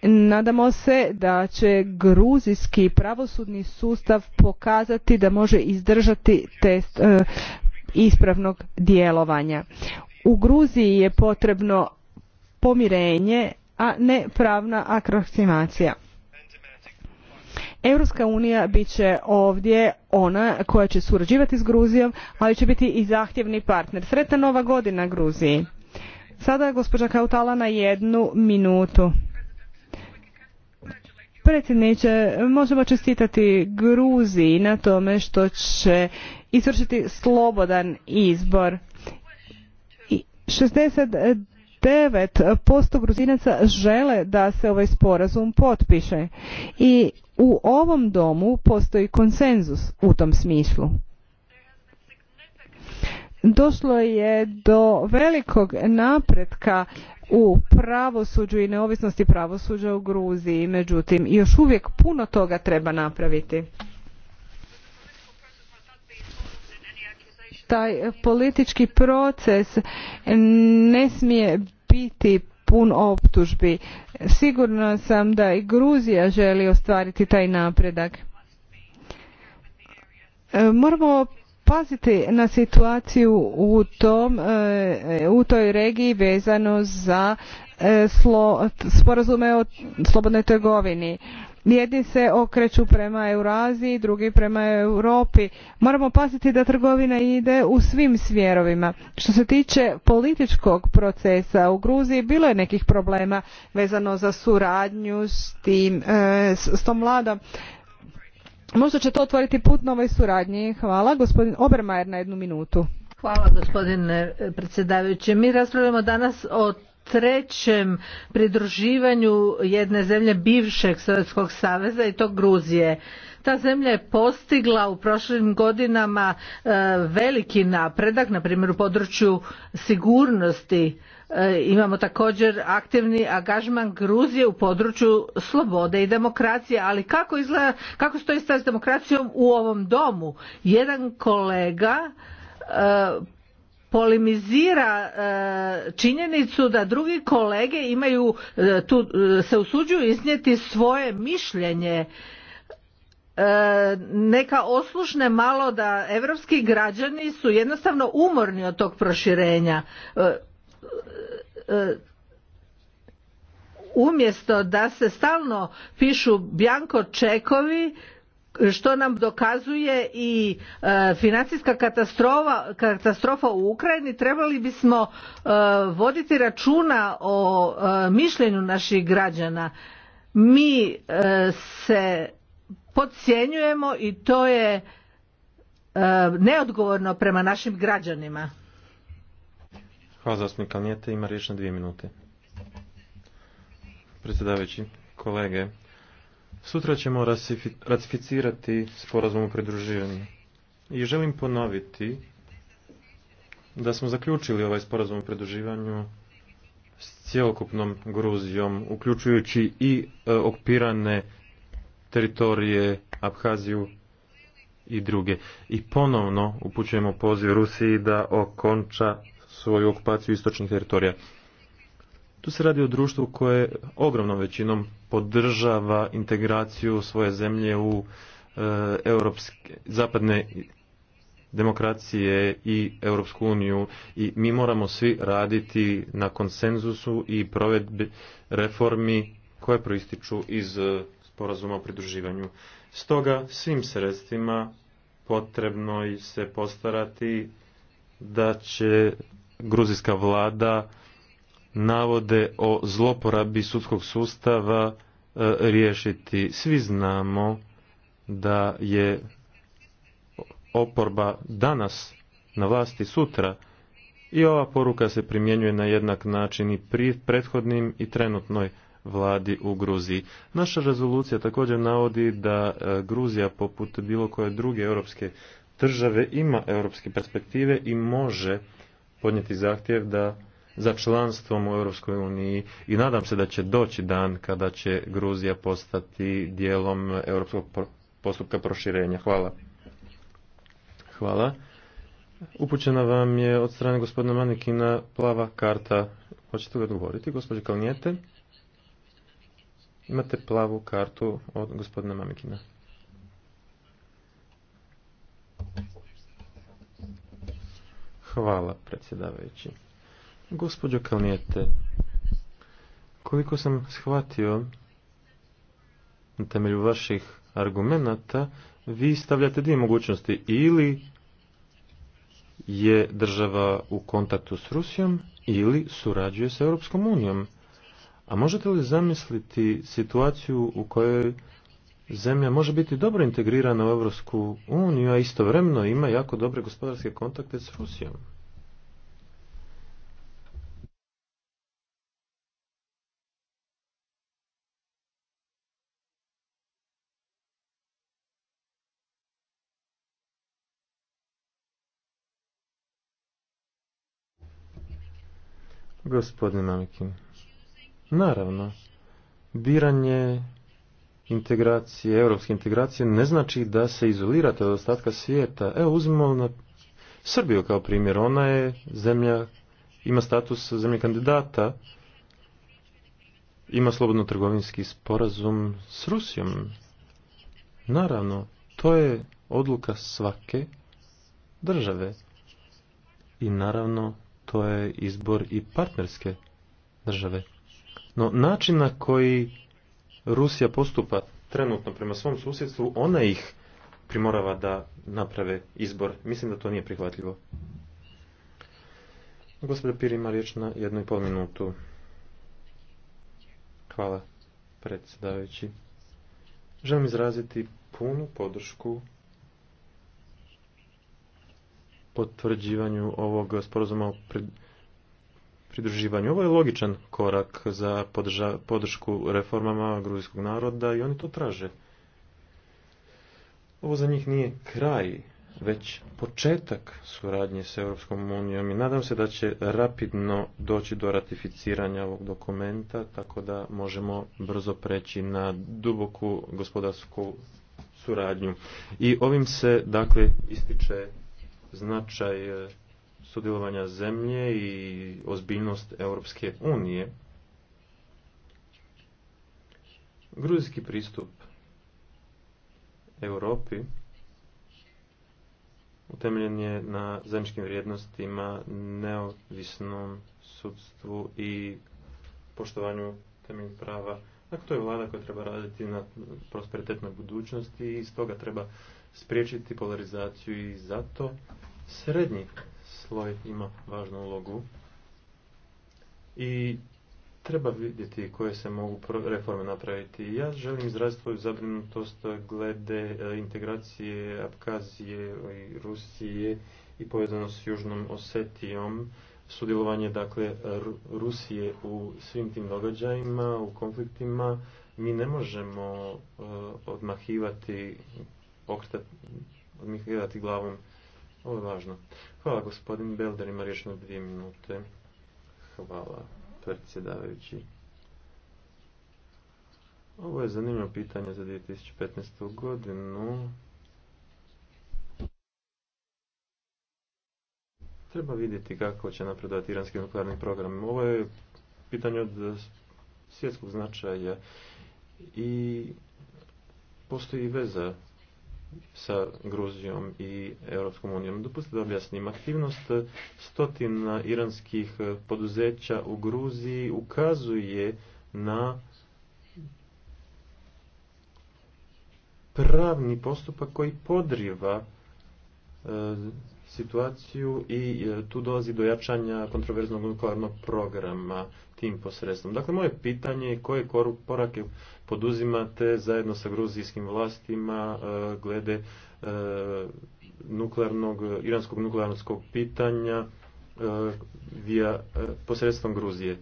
Nadamo se da će gruzijski pravosudni sustav pokazati da može izdržati test e, ispravnog djelovanja. U Gruziji je potrebno pomirenje, a ne pravna aproksimacija. Europska unija bit će ovdje ona koja će surađivati s Gruzijom, ali će biti i zahtjevni partner. Sretna nova godina Gruziji. Sada je gospođa Kautala na jednu minutu. Predsjedniče, možemo čestitati Gruziji na tome što će izvršiti slobodan izbor. 69% Gruzinaca žele da se ovaj sporazum potpiše i u ovom domu postoji konsenzus u tom smislu došlo je do velikog napretka u pravosuđu i neovisnosti pravosuđa u Gruziji. Međutim, još uvijek puno toga treba napraviti. Taj politički proces ne smije biti pun optužbi. Sigurna sam da i Gruzija želi ostvariti taj napredak. E, moramo paziti na situaciju u, tom, e, u toj regiji vezano za e, sporazume o slobodnoj trgovini. Jedni se okreću prema Euraziji, drugi prema Europi. Moramo paziti da trgovina ide u svim smjerovima. Što se tiče političkog procesa u Gruziji, bilo je nekih problema vezano za suradnju s, tim, e, s tom mladom Možda će to otvoriti put novoj suradnji. Hvala. Gospodin Obermajer na jednu minutu. Hvala gospodine eh, predsjedavajući. Mi raspravljamo danas o trećem pridruživanju jedne zemlje bivšeg Sovjetskog saveza i to Gruzije. Ta zemlja je postigla u prošlim godinama eh, veliki napredak, na primjer u području sigurnosti E, imamo također aktivni angažman Gruzije u području slobode i demokracije, ali kako, izgleda, kako stoji stvar s demokracijom u ovom domu? Jedan kolega e, polemizira e, činjenicu da drugi kolege imaju, tu, se usuđuju iznijeti svoje mišljenje neka oslušne malo da europski građani su jednostavno umorni od tog proširenja umjesto da se stalno pišu bjanko čekovi što nam dokazuje i e, financijska katastrofa, katastrofa u Ukrajini trebali bismo e, voditi računa o e, mišljenju naših građana mi se podcjenjujemo i to je neodgovorno prema našim građanima Hvala zastupnik Kalnijete, ima riječ na dvije minute. Predsjedavajući, kolege, sutra ćemo ratificirati sporazum o pridruživanju. I želim ponoviti da smo zaključili ovaj sporazum o pridruživanju s cijelokupnom Gruzijom, uključujući i e, okupirane teritorije Abhaziju i druge. I ponovno upućujemo poziv Rusiji da okonča svoju okupaciju istočnih teritorija. Tu se radi o društvu koje ogromnom većinom podržava integraciju svoje zemlje u e, europske, zapadne demokracije i Europsku uniju i mi moramo svi raditi na konsenzusu i provedbi reformi koje proističu iz e, sporazuma o pridruživanju. Stoga svim sredstvima potrebno je se postarati da će gruzijska vlada navode o zloporabi sudskog sustava e, riješiti. Svi znamo da je oporba danas na vlasti sutra i ova poruka se primjenjuje na jednak način i pri prethodnim i trenutnoj vladi u Gruziji. Naša rezolucija također navodi da e, Gruzija poput bilo koje druge europske države ima europske perspektive i može podnijeti zahtjev da za članstvom u Europskoj uniji i nadam se da će doći dan kada će Gruzija postati dijelom europskog postupka proširenja. Hvala. Hvala. Upućena vam je od strane gospodina Manikina plava karta. Hoćete ga odgovoriti, gospođe Kalnijete? Imate plavu kartu od gospodina Mamikina. Hvala, predsjedavajući. Gospođo Kalnijete, koliko sam shvatio na temelju vaših argumenata, vi stavljate dvije mogućnosti. Ili je država u kontaktu s Rusijom ili surađuje s Europskom unijom. A možete li zamisliti situaciju u kojoj zemlja može biti dobro integrirana u Europsku uniju, a istovremeno ima jako dobre gospodarske kontakte s Rusijom. Gospodin Mamikin, naravno, biranje integracije, europske integracije ne znači da se izolirate od ostatka svijeta. Evo uzmimo na Srbiju kao primjer. Ona je zemlja, ima status zemlje kandidata, ima slobodno trgovinski sporazum s Rusijom. Naravno, to je odluka svake države. I naravno, to je izbor i partnerske države. No, način na koji Rusija postupa trenutno prema svom susjedstvu, ona ih primorava da naprave izbor. Mislim da to nije prihvatljivo. Gospodin Pir riječ na jednu i pol minutu. Hvala, predsjedavajući. Želim izraziti punu podršku potvrđivanju ovog sporazuma o pridruživanju. Ovo je logičan korak za podršku reformama gruzijskog naroda i oni to traže. Ovo za njih nije kraj, već početak suradnje s Europskom unijom i nadam se da će rapidno doći do ratificiranja ovog dokumenta, tako da možemo brzo preći na duboku gospodarsku suradnju. I ovim se, dakle, ističe značaj sudjelovanja zemlje i ozbiljnost Europske unije. Gruzijski pristup Europi utemeljen je na zemljskim vrijednostima, neovisnom sudstvu i poštovanju temeljnih prava. Dakle, to je vlada koja treba raditi na prosperitetnoj budućnosti i stoga treba spriječiti polarizaciju i zato srednji sloj ima važnu ulogu i treba vidjeti koje se mogu reforme napraviti. Ja želim izraziti svoju zabrinutost glede e, integracije Abkazije i Rusije i povezano s Južnom Osetijom, sudjelovanje dakle Rusije u svim tim događajima, u konfliktima. Mi ne možemo e, odmahivati, okretati, odmahivati glavom ovo je važno. Hvala gospodin Belder, ima riječ dvije minute. Hvala predsjedavajući. Ovo je zanimljivo pitanje za 2015. godinu. Treba vidjeti kako će napredovati iranski nuklearni program. Ovo je pitanje od svjetskog značaja i postoji veza sa Gruzijom i Europskom unijom. Dopustite da objasnim. Aktivnost stotina iranskih poduzeća u Gruziji ukazuje na pravni postupak koji podriva e, situaciju i e, tu dolazi do jačanja kontroverznog nuklearnog programa tim posredstvom. Dakle, moje pitanje je koje korake poduzimate zajedno sa gruzijskim vlastima e, glede e, nuklearnog, iranskog nuklearnog pitanja e, via, posredstvom Gruzije.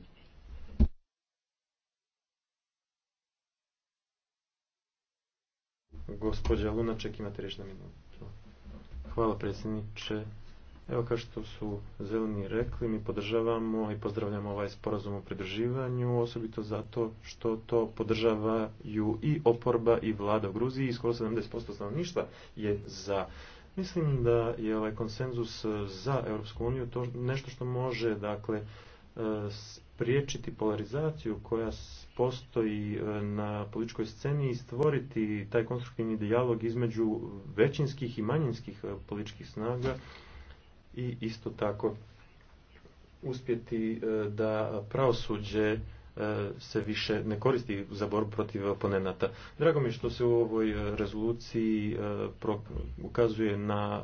Gospođa Lunaček, imate riječ na minutu. Hvala predsjedniče. Evo kao što su zeleni rekli, mi podržavamo i pozdravljamo ovaj sporazum o pridruživanju, osobito zato što to podržavaju i oporba i vlada u Gruziji i skoro 70% stanovništva je za. Mislim da je ovaj konsenzus e, za Europsku uniju to nešto što može dakle e, spriječiti polarizaciju koja postoji e, na političkoj sceni i stvoriti taj konstruktivni dijalog između većinskih i manjinskih političkih snaga i isto tako uspjeti e, da pravosuđe e, se više ne koristi za borbu protiv oponenata. Drago mi je što se u ovoj e, rezoluciji ukazuje na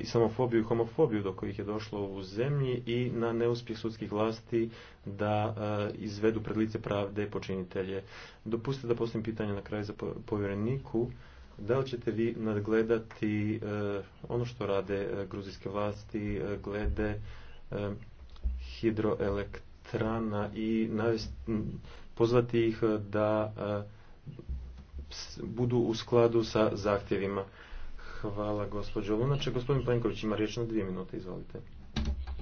islamofobiju i homofobiju do kojih je došlo u zemlji i na neuspjeh sudskih vlasti da izvedu pred lice pravde počinitelje. Dopustite da postavim pitanje na kraju za povjereniku. Da li ćete vi nadgledati e, ono što rade e, gruzijske vlasti e, glede hidroelektrana i pozvati ih da budu u skladu sa zahtjevima? Hvala gospođo Lunače. Gospodin Plenković ima riječ na dvije minute, izvolite.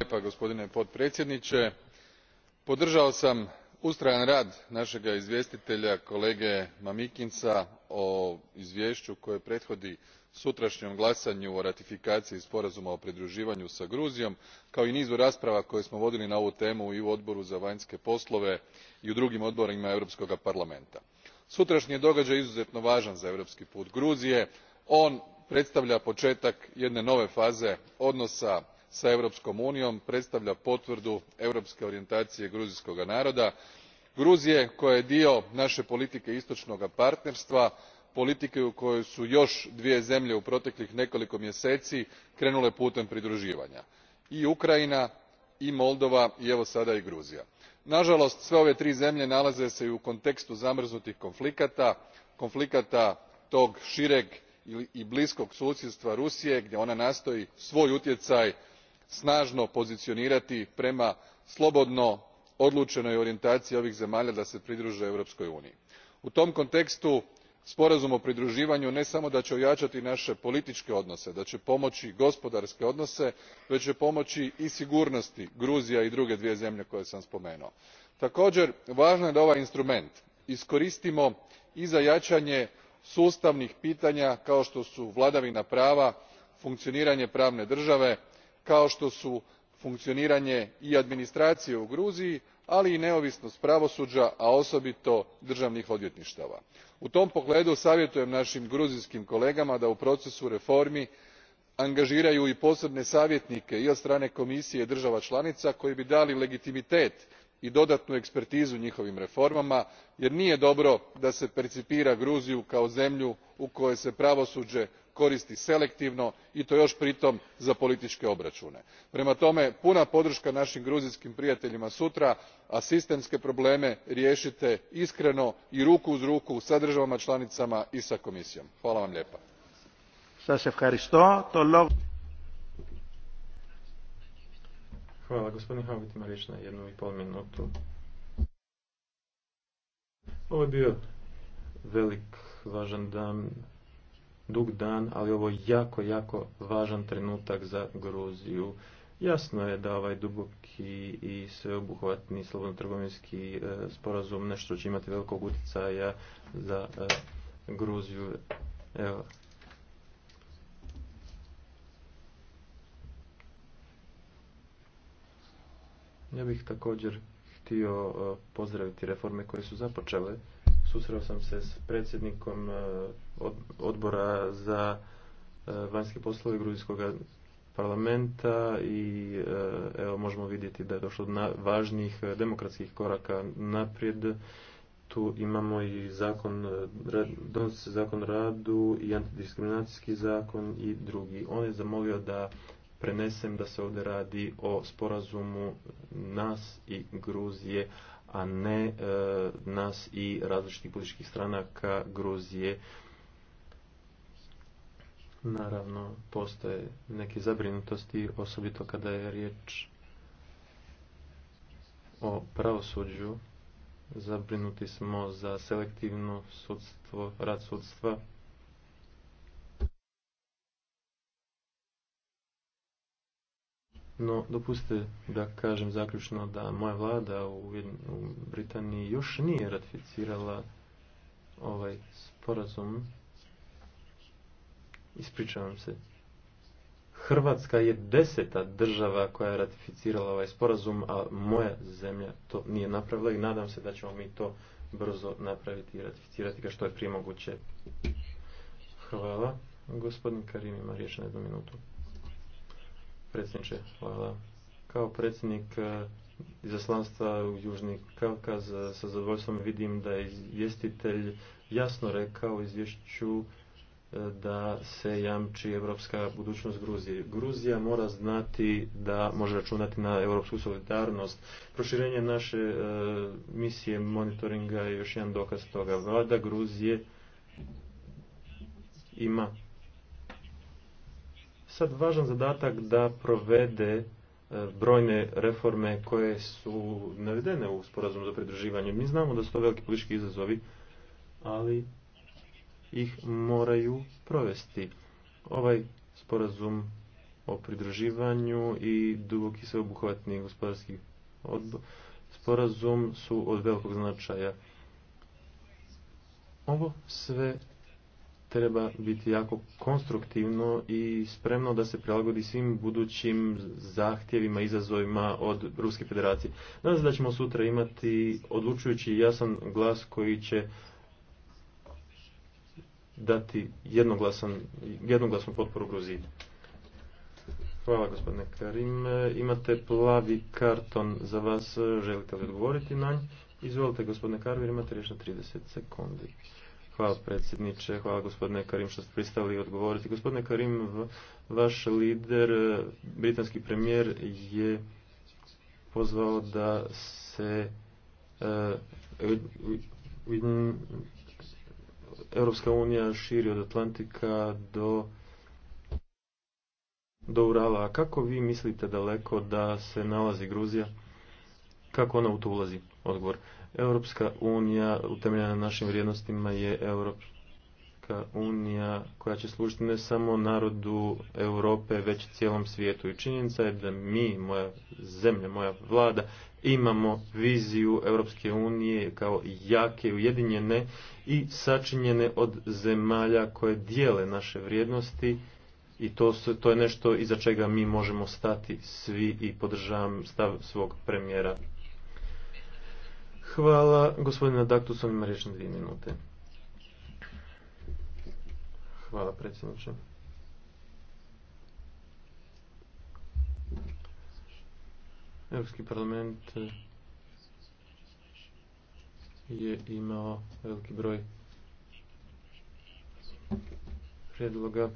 Lijepa gospodine potpredsjedniče. Podržao sam ustrajan rad našega izvjestitelja kolege Mamikinca o izvješću koje prethodi sutrašnjem glasanju o ratifikaciji sporazuma o pridruživanju s gruzijom kao i nizu rasprava koje smo vodili na ovu temu i u odboru za vanjske poslove i u drugim odborima europskog parlamenta. sutrašnji je događaj izuzetno važan za europski put gruzije. on predstavlja početak jedne nove faze odnosa s europskom unijom predstavlja potvrdu europske orijentacije gruzijskoga naroda gruzije koja je dio naše politike istonoga partnerstva politike u kojoj su još dvije zemlje u proteklih nekoliko mjeseci krenule putem pridruživanja. i ukrajina i moldova i evo sada i gruzija. Nažalost, sve ove tri zemlje nalaze se i u kontekstu zamrznutih konflikata konflikata tog ireg i bliskog susjedstva rusije gdje ona nastoji svoj utjecaj snažno pozicionirati prema slobodno odlučenoj orijentaciji ovih zemalja da se pridrue europskoj uniji. u tom kontekstu sporazum o pridruživanju ne samo da će ojaati nae političke odnose da će pomoi gospodarske odnose već će pomoi i sigurnosti gruzija i druge dvije zemlje koje sam spomenuo. Također, važno je da ovaj instrument iskoristimo i za jaanje sustavnih pitanja kao što su vladavina prava funkcioniranje pravne države, kao što su funkcioniranje i administracije u gruziji ali i neovisnost pravosuđa, a osobito državnih odvjetništava. u tom pogledu savjetujem našim gruzijskim kolegama da u procesu reformi angažiraju i posebne savjetnike i od strane komisije država članica koji bi dali legitimitet i dodatnu ekspertizu njihovim reformama jer nije dobro da se percipira gruziju kao zemlju u kojoj se pravosuđe koristi selektivno i to još pritom za političke obračune. prema tome puna podrška našim gruzijskim prijateljima sutra a sistemske probleme riješite iskreno i ruku uz ruku s državama članicama i s komisijom. hvala vam dug dan, ali ovo je jako, jako važan trenutak za Gruziju. Jasno je da ovaj duboki i sveobuhvatni slobodno-trgovinski e, sporazum nešto će imati velikog utjecaja za e, Gruziju. Evo. Ja bih također htio e, pozdraviti reforme koje su započele susreo sam se s predsjednikom e, odbora za e, vanjske poslove gruzijskog parlamenta i e, evo možemo vidjeti da je došlo do važnih demokratskih koraka naprijed. Tu imamo i zakon, donosi zakon radu i antidiskriminacijski zakon i drugi. On je zamolio da prenesem da se ovdje radi o sporazumu nas i Gruzije, a ne e, nas i različitih političkih stranaka Gruzije. Naravno, postoje neke zabrinutosti, osobito kada je riječ o pravosuđu. Zabrinuti smo za selektivno sudstvo, rad sudstva, No, dopustite da kažem zaključno da moja vlada u Britaniji još nije ratificirala ovaj sporazum. Ispričavam se. Hrvatska je deseta država koja je ratificirala ovaj sporazum, a moja zemlja to nije napravila i nadam se da ćemo mi to brzo napraviti i ratificirati ga što je prije moguće. Hvala. Gospodin Karim ima riječ na jednu minutu predsjedniče. Hvala. Kao predsjednik e, izaslanstva u Južni Kavkaz e, sa zadovoljstvom vidim da je izvjestitelj jasno rekao u izvješću e, da se jamči evropska budućnost Gruzije. Gruzija mora znati da može računati na europsku solidarnost. Proširenje naše misije monitoringa je još jedan dokaz toga. Vlada Gruzije ima sad važan zadatak da provede e, brojne reforme koje su navedene u sporazumu za pridruživanje. Mi znamo da su to veliki politički izazovi, ali ih moraju provesti. Ovaj sporazum o pridruživanju i duboki sveobuhvatni gospodarski sporazum su od velikog značaja. Ovo sve treba biti jako konstruktivno i spremno da se prilagodi svim budućim zahtjevima, izazovima od Ruske federacije. Nadam se da ćemo sutra imati odlučujući jasan glas koji će dati jednoglasan, jednoglasnu potporu Gruziji. Hvala gospodine Karim. Imate plavi karton za vas. Želite li odgovoriti na nj? Izvolite gospodine Karver, imate riječ na 30 sekundi. Hvala predsjedniče, hvala gospodine Karim što ste pristali odgovoriti. Gospodine Karim, vaš lider, e, britanski premijer, je pozvao da se e, Europska unija širi od Atlantika do do Urala. A kako vi mislite daleko da se nalazi Gruzija? Kako ona u to ulazi? Odgovor. Europska unija utemeljena na našim vrijednostima je Europska unija koja će služiti ne samo narodu Europe već cijelom svijetu. I činjenica je da mi, moja zemlja, moja vlada, imamo viziju Europske unije kao jake, ujedinjene i sačinjene od zemalja koje dijele naše vrijednosti i to, to je nešto iza čega mi možemo stati svi i podržavam stav svog premijera Hvala. Gospodina on ima riječ na dvije minute. Hvala predsjedniče. Europski parlament je imao veliki broj predloga,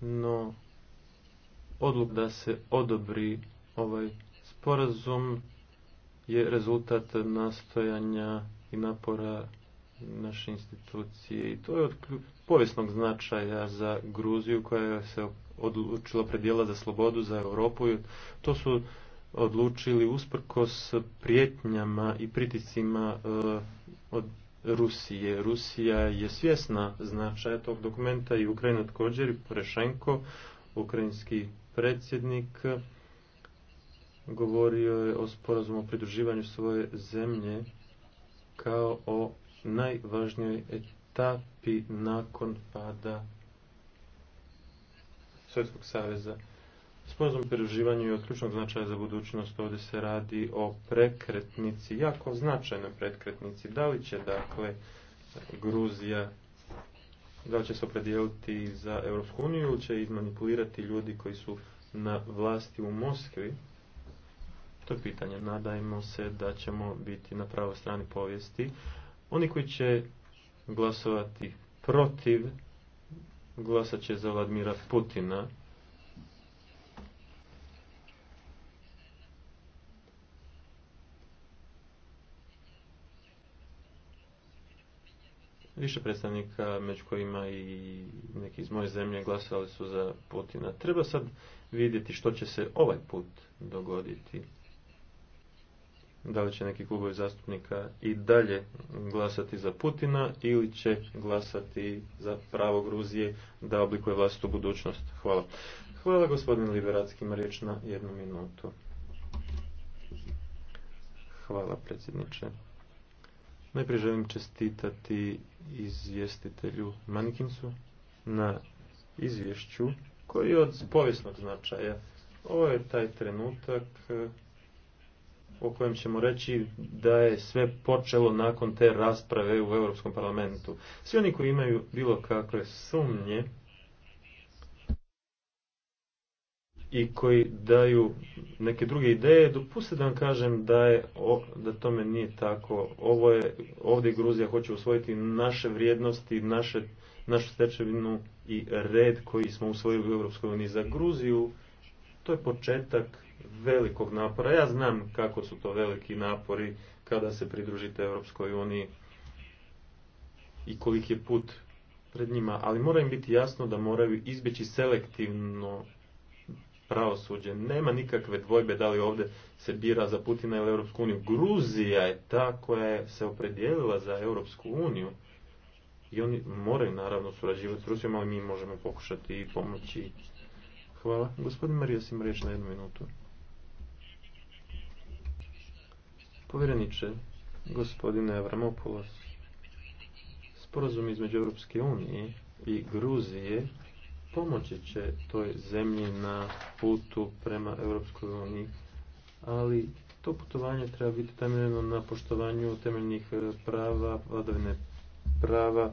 no odluk da se odobri ovaj sporazum je rezultat nastojanja i napora naše institucije i to je od povijesnog značaja za Gruziju koja se odlučila predjela za slobodu, za Europu. To su odlučili usprkos prijetnjama i priticima eh, od Rusije. Rusija je svjesna značaja tog dokumenta i Ukrajina također i Porešenko, ukrajinski predsjednik govorio je o sporazumu o pridruživanju svoje zemlje kao o najvažnijoj etapi nakon pada Sovjetskog saveza. Sporazum o pridruživanju je od ključnog značaja za budućnost. Ovdje se radi o prekretnici, jako značajnoj prekretnici. Da li će, dakle, Gruzija da li će se opredijeliti za Europsku uniju ili će izmanipulirati ljudi koji su na vlasti u Moskvi to pitanje. Nadajmo se da ćemo biti na pravoj strani povijesti. Oni koji će glasovati protiv, glasat će za Vladimira Putina. Više predstavnika, među kojima i neki iz moje zemlje, glasovali su za Putina. Treba sad vidjeti što će se ovaj put dogoditi da li će neki klubovi zastupnika i dalje glasati za Putina ili će glasati za pravo Gruzije da oblikuje vlastitu budućnost. Hvala. Hvala gospodin Liberacki, ima riječ na jednu minutu. Hvala predsjedniče. Najprije želim čestitati izvjestitelju Manikincu na izvješću koji je od povijesnog značaja. Ovo je taj trenutak o kojem ćemo reći da je sve počelo nakon te rasprave u Europskom parlamentu. Svi oni koji imaju bilo kakve sumnje i koji daju neke druge ideje, dopustite da vam kažem da, je, da tome nije tako. Ovo je, ovdje Gruzija hoće usvojiti naše vrijednosti, naše, našu stečevinu i red koji smo usvojili u Europskoj uniji za Gruziju. To je početak velikog napora. Ja znam kako su to veliki napori kada se pridružite Europskoj uniji i koliki je put pred njima, ali mora im biti jasno da moraju izbjeći selektivno pravosuđe. Nema nikakve dvojbe da li ovdje se bira za Putina ili Europsku uniju. Gruzija je ta koja je se opredijelila za Europsku uniju i oni moraju naravno surađivati s Rusijom, ali mi možemo pokušati i pomoći. Hvala. Gospodin Marija Simreć na jednu minutu. Povjereniče, gospodine Avramopoulos, sporazum između Europske unije i Gruzije pomoći će toj zemlji na putu prema Europskoj uniji, ali to putovanje treba biti temeljeno na poštovanju temeljnih e, prava, vladavine prava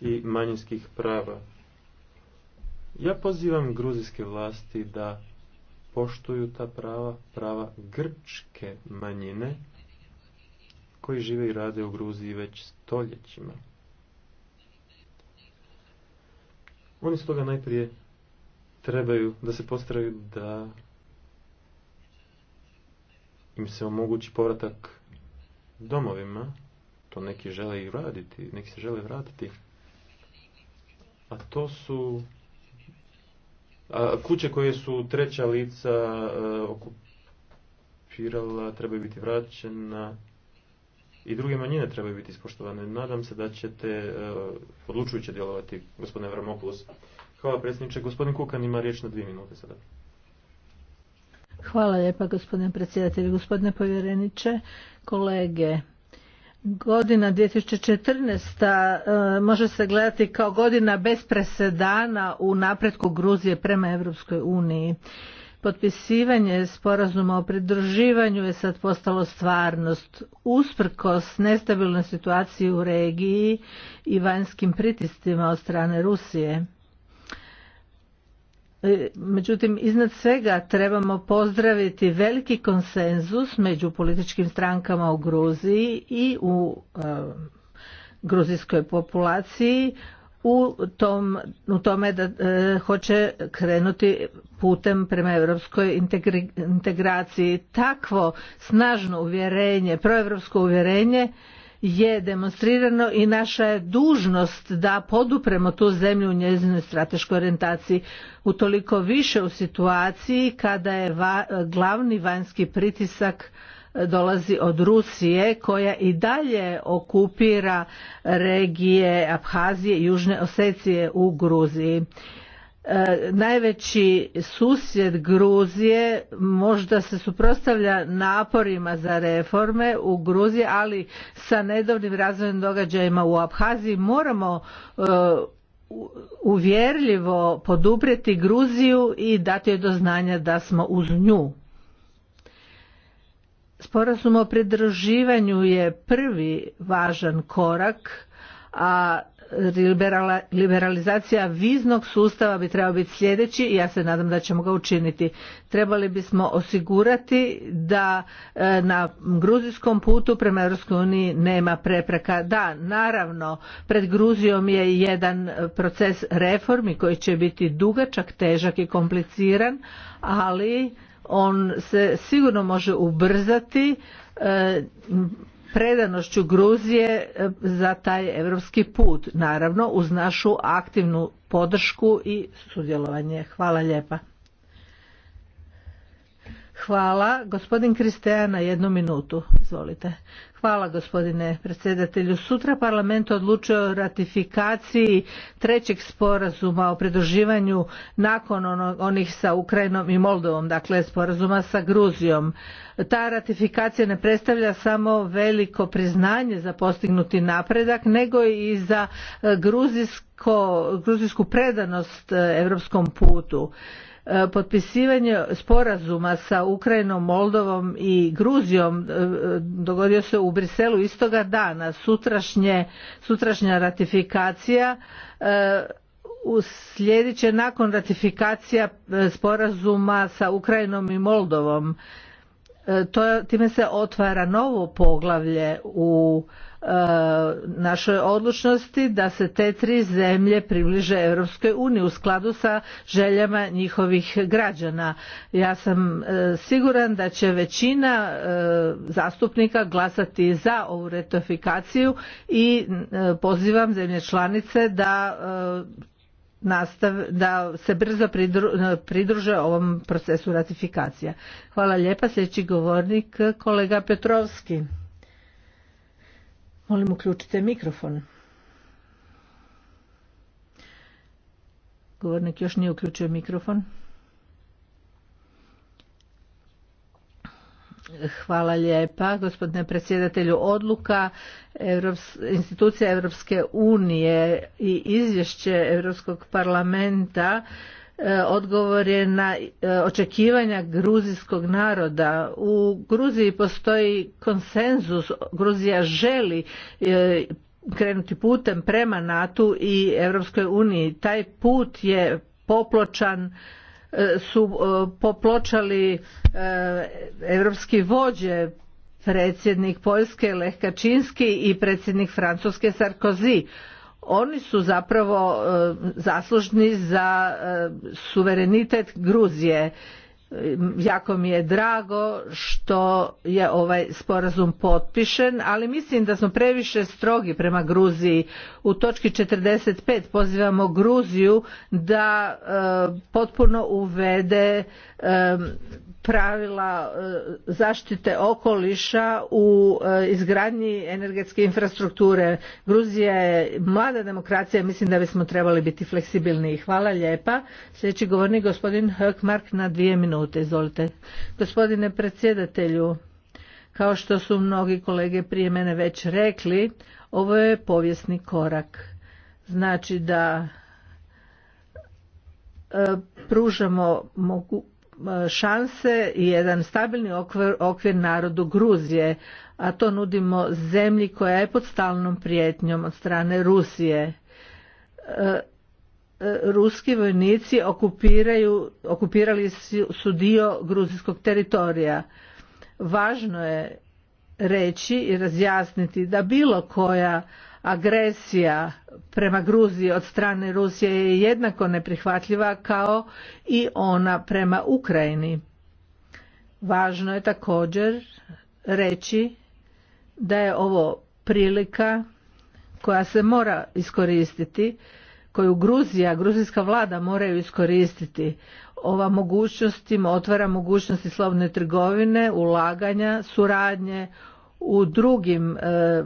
i manjinskih prava. Ja pozivam gruzijske vlasti da poštuju ta prava, prava grčke manjine, koji žive i rade u Gruziji već stoljećima. Oni s toga najprije trebaju da se postaraju da im se omogući povratak domovima, to neki žele i raditi, neki se žele vratiti, a to su kuće koje su treća lica e, okupirala, trebaju biti vraćena, i druge manjine trebaju biti ispoštovane. Nadam se da ćete e, odlučujuće djelovati, gospodine Vramopoulos. Hvala predsjedniče. Gospodin Kukan ima riječ na dvije minute sada. Hvala lijepa gospodine predsjedatelju, gospodine povjereniče, kolege. Godina 2014. E, može se gledati kao godina bez presedana u napretku Gruzije prema Europskoj uniji. Potpisivanje sporazuma o pridruživanju je sad postalo stvarnost. Usprkos nestabilnoj situaciji u regiji i vanjskim pritiscima od strane Rusije. E, međutim, iznad svega trebamo pozdraviti veliki konsenzus među političkim strankama u Gruziji i u e, gruzijskoj populaciji u, tom, tome da e, hoće krenuti putem prema europskoj integraciji. Takvo snažno uvjerenje, proevropsko uvjerenje je demonstrirano i naša je dužnost da podupremo tu zemlju u njezinoj strateškoj orijentaciji utoliko više u situaciji kada je glavni vanjski pritisak dolazi od Rusije koja i dalje okupira regije Abhazije i Južne Osecije u Gruziji. E, najveći susjed Gruzije možda se suprotstavlja naporima za reforme u Gruziji, ali sa nedavnim razvojnim događajima u Abhaziji moramo e, uvjerljivo poduprijeti Gruziju i dati joj do znanja da smo uz nju. Sporazum o pridruživanju je prvi važan korak, a liberalizacija viznog sustava bi trebao biti sljedeći i ja se nadam da ćemo ga učiniti. Trebali bismo osigurati da e, na gruzijskom putu prema EU nema prepreka. Da, naravno, pred Gruzijom je jedan proces reformi koji će biti dugačak, težak i kompliciran, ali on se sigurno može ubrzati e, predanošću Gruzije e, za taj europski put, naravno uz našu aktivnu podršku i sudjelovanje. Hvala lijepa. Hvala. Gospodin Kristeja jednu minutu. Izvolite. Hvala gospodine predsjedatelju. Sutra parlament odlučio o ratifikaciji trećeg sporazuma o pridruživanju nakon ono, onih sa Ukrajinom i Moldovom, dakle sporazuma sa Gruzijom. Ta ratifikacija ne predstavlja samo veliko priznanje za postignuti napredak, nego i za eh, gruzijsku predanost europskom eh, putu E, potpisivanje sporazuma sa Ukrajinom, Moldovom i Gruzijom e, dogodio se u Briselu istoga dana. Sutrašnje, sutrašnja ratifikacija e, uslijedit nakon ratifikacija sporazuma sa Ukrajinom i Moldovom. To, time se otvara novo poglavlje u E, našoj odlučnosti da se te tri zemlje približe Europskoj uniji u skladu sa željama njihovih građana. Ja sam e, siguran da će većina e, zastupnika glasati za ovu ratifikaciju i pozivam zemlje članice da da se brzo pridruže ovom procesu ratifikacija. Hvala lijepa, sljedeći govornik kolega Petrovski. Molim uključite mikrofon. Govornik još nije uključio mikrofon. Hvala lijepa, gospodine predsjedatelju. Odluka institucija Europske unije i izvješće Europskog parlamenta E, odgovor je na e, očekivanja gruzijskog naroda. U Gruziji postoji konsenzus, Gruzija želi e, krenuti putem prema NATO i Europskoj uniji. Taj put je popločan su popločali europski vođe predsjednik Poljske Lech i predsjednik Francuske Sarkozy oni su zapravo e, zaslužni za e, suverenitet Gruzije. E, jako mi je drago što je ovaj sporazum potpišen, ali mislim da smo previše strogi prema Gruziji. U točki 45 pozivamo Gruziju da potpuno uvede pravila e, zaštite okoliša u e, izgradnji energetske infrastrukture. Gruzija je mlada demokracija, mislim da bismo trebali biti fleksibilni. Hvala lijepa. Sljedeći govornik gospodin Hökmark na dvije minute. Izvolite. Gospodine predsjedatelju, kao što su mnogi kolege prije mene već rekli, ovo je povijesni korak. Znači da e, pružamo mogu šanse i jedan stabilni okvir, okvir narodu Gruzije, a to nudimo zemlji koja je pod stalnom prijetnjom od strane Rusije. E, e, ruski vojnici okupiraju, okupirali su dio gruzijskog teritorija. Važno je reći i razjasniti da bilo koja agresija prema Gruziji od strane Rusije je jednako neprihvatljiva kao i ona prema Ukrajini. Važno je također reći da je ovo prilika koja se mora iskoristiti, koju Gruzija, gruzijska vlada moraju iskoristiti. Ova mogućnost im otvara mogućnosti slovne trgovine, ulaganja, suradnje u drugim e,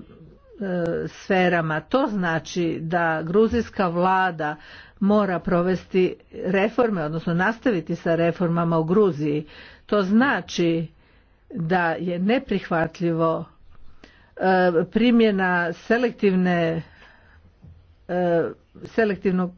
E, sferama. To znači da gruzijska vlada mora provesti reforme, odnosno nastaviti sa reformama u Gruziji. To znači da je neprihvatljivo e, primjena selektivne e, selektivnog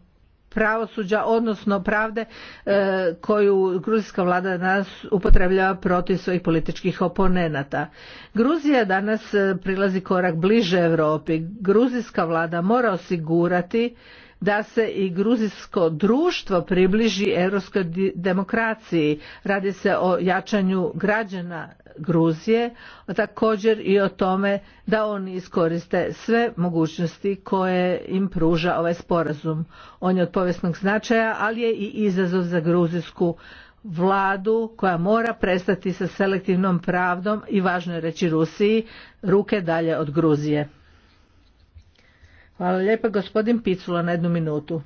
pravosuđa, odnosno pravde e, koju gruzijska vlada danas upotrebljava protiv svojih političkih oponenata. Gruzija danas e, prilazi korak bliže Europi. Gruzijska vlada mora osigurati da se i gruzijsko društvo približi europskoj demokraciji. Radi se o jačanju građana Gruzije, a također i o tome da oni iskoriste sve mogućnosti koje im pruža ovaj sporazum. On je od povijesnog značaja, ali je i izazov za gruzijsku vladu koja mora prestati sa selektivnom pravdom i važno je reći Rusiji ruke dalje od Gruzije. Hvala lijepa gospodin Picula na jednu minutu.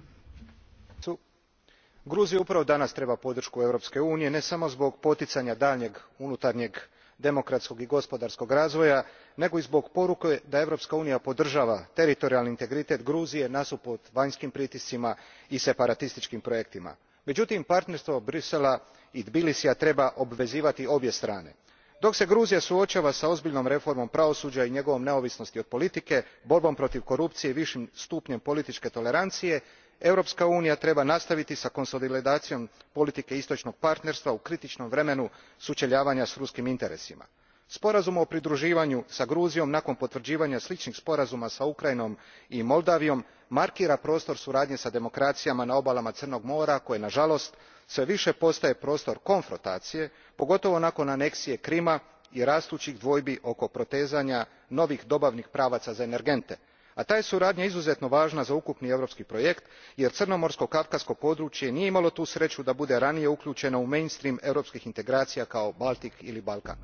Gruzija upravo danas treba podršku Europske unije ne samo zbog poticanja daljnjeg unutarnjeg demokratskog i gospodarskog razvoja nego i zbog poruke da europska unija podržava teritorijalni integritet gruzije nasuprot vanjskim pritiscima i separatističkim projektima. međutim partnerstvo bruxellesa i tbilisija treba obvezivati obje strane. dok se gruzija suočava s ozbiljnom reformom pravosuđa i njegovom neovisnosti od politike borbom protiv korupcije i višim stupnjem političke tolerancije europska unija treba nastaviti sa konsolidacijom politike istonog partnerstva u kritičnom vremenu sučeljavanja s ruskim interesima. sporazum o pridruživanju s gruzijom nakon potvrđivanja sličnih sporazuma s ukrajinom i moldavijom markira prostor suradnje s demokracijama na obalama crnog mora koje naalost sve više postaje prostor konfrontacije pogotovo nakon aneksije krima i rastuih dvojbi oko protezanja novih dobavnih pravaca za energente a ta je suradnja izuzetno važna za ukupni europski projekt jer crnomorsko kavkasko podruje nije imalo tu sreu da bude ranije uključeno u mainstream europskih integracija kao baltik ili balkan.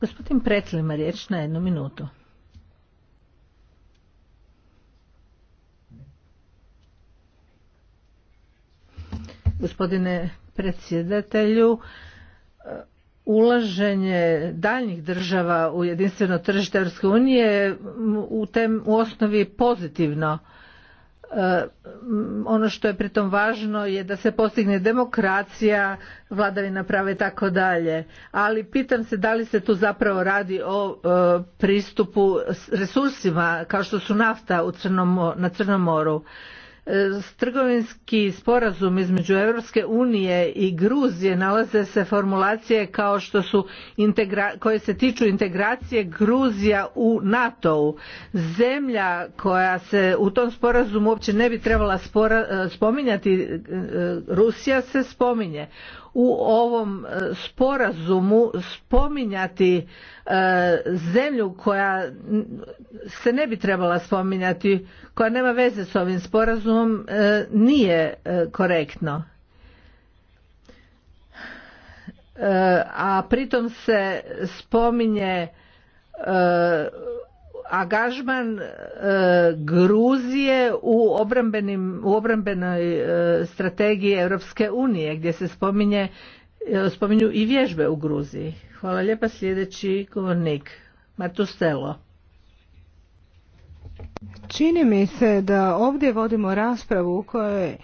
Gospodin Pretzel Gospodine predsjedatelju, ulaženje daljnjih država u jedinstveno tržište Europske unije u, tem, u osnovi pozitivno. E, ono što je pritom važno je da se postigne demokracija, vladavina prava i tako dalje. Ali pitam se da li se tu zapravo radi o e, pristupu resursima kao što su nafta na Crnom moru. E, trgovinski sporazum između Europske unije i Gruzije nalaze se formulacije kao što su koje se tiču integracije Gruzija u NATO-u. Zemlja koja se u tom sporazumu uopće ne bi trebala e, spominjati e, Rusija se spominje u ovom e, sporazumu spominjati e, zemlju koja se ne bi trebala spominjati, koja nema veze s ovim sporazumom, e, nije korektno. A pritom se spominje agažman e, Gruzije u, u obrambenoj e, strategiji Europske unije gdje se spominje, e, spominju i vježbe u Gruziji. Hvala lijepa sljedeći govornik Stelo. Čini mi se da ovdje vodimo raspravu u kojoj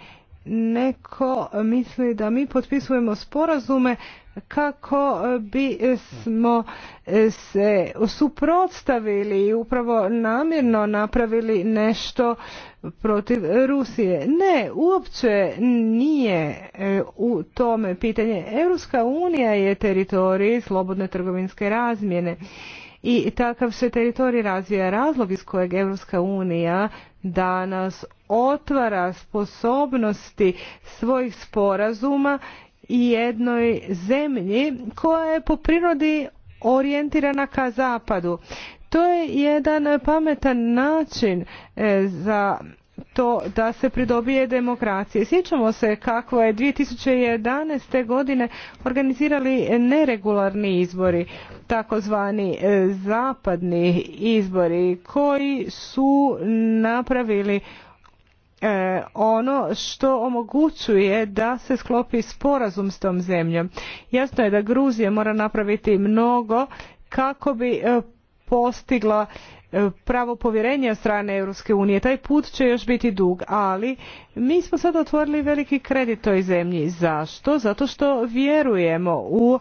neko misli da mi potpisujemo sporazume kako e, bismo e, smo e, se suprotstavili i upravo namjerno napravili nešto protiv Rusije. Ne, uopće nije u tome pitanje. Europska unija je teritorij slobodne trgovinske razmjene i takav se teritorij razvija razlog iz kojeg Europska unija danas otvara sposobnosti svojih sporazuma jednoj zemlji koja je po prirodi orijentirana ka zapadu. To je jedan pametan način e, za to da se pridobije demokracije. Sjećamo se kako je 2011. godine organizirali neregularni izbori, takozvani e, zapadni izbori koji su napravili E, ono što omogućuje da se sklopi sporazum s tom zemljom. Jasno je da Gruzija mora napraviti mnogo kako bi e, postigla e, pravo povjerenja strane Europske unije. Taj put će još biti dug, ali mi smo sad otvorili veliki kredit toj zemlji. Zašto? Zato što vjerujemo u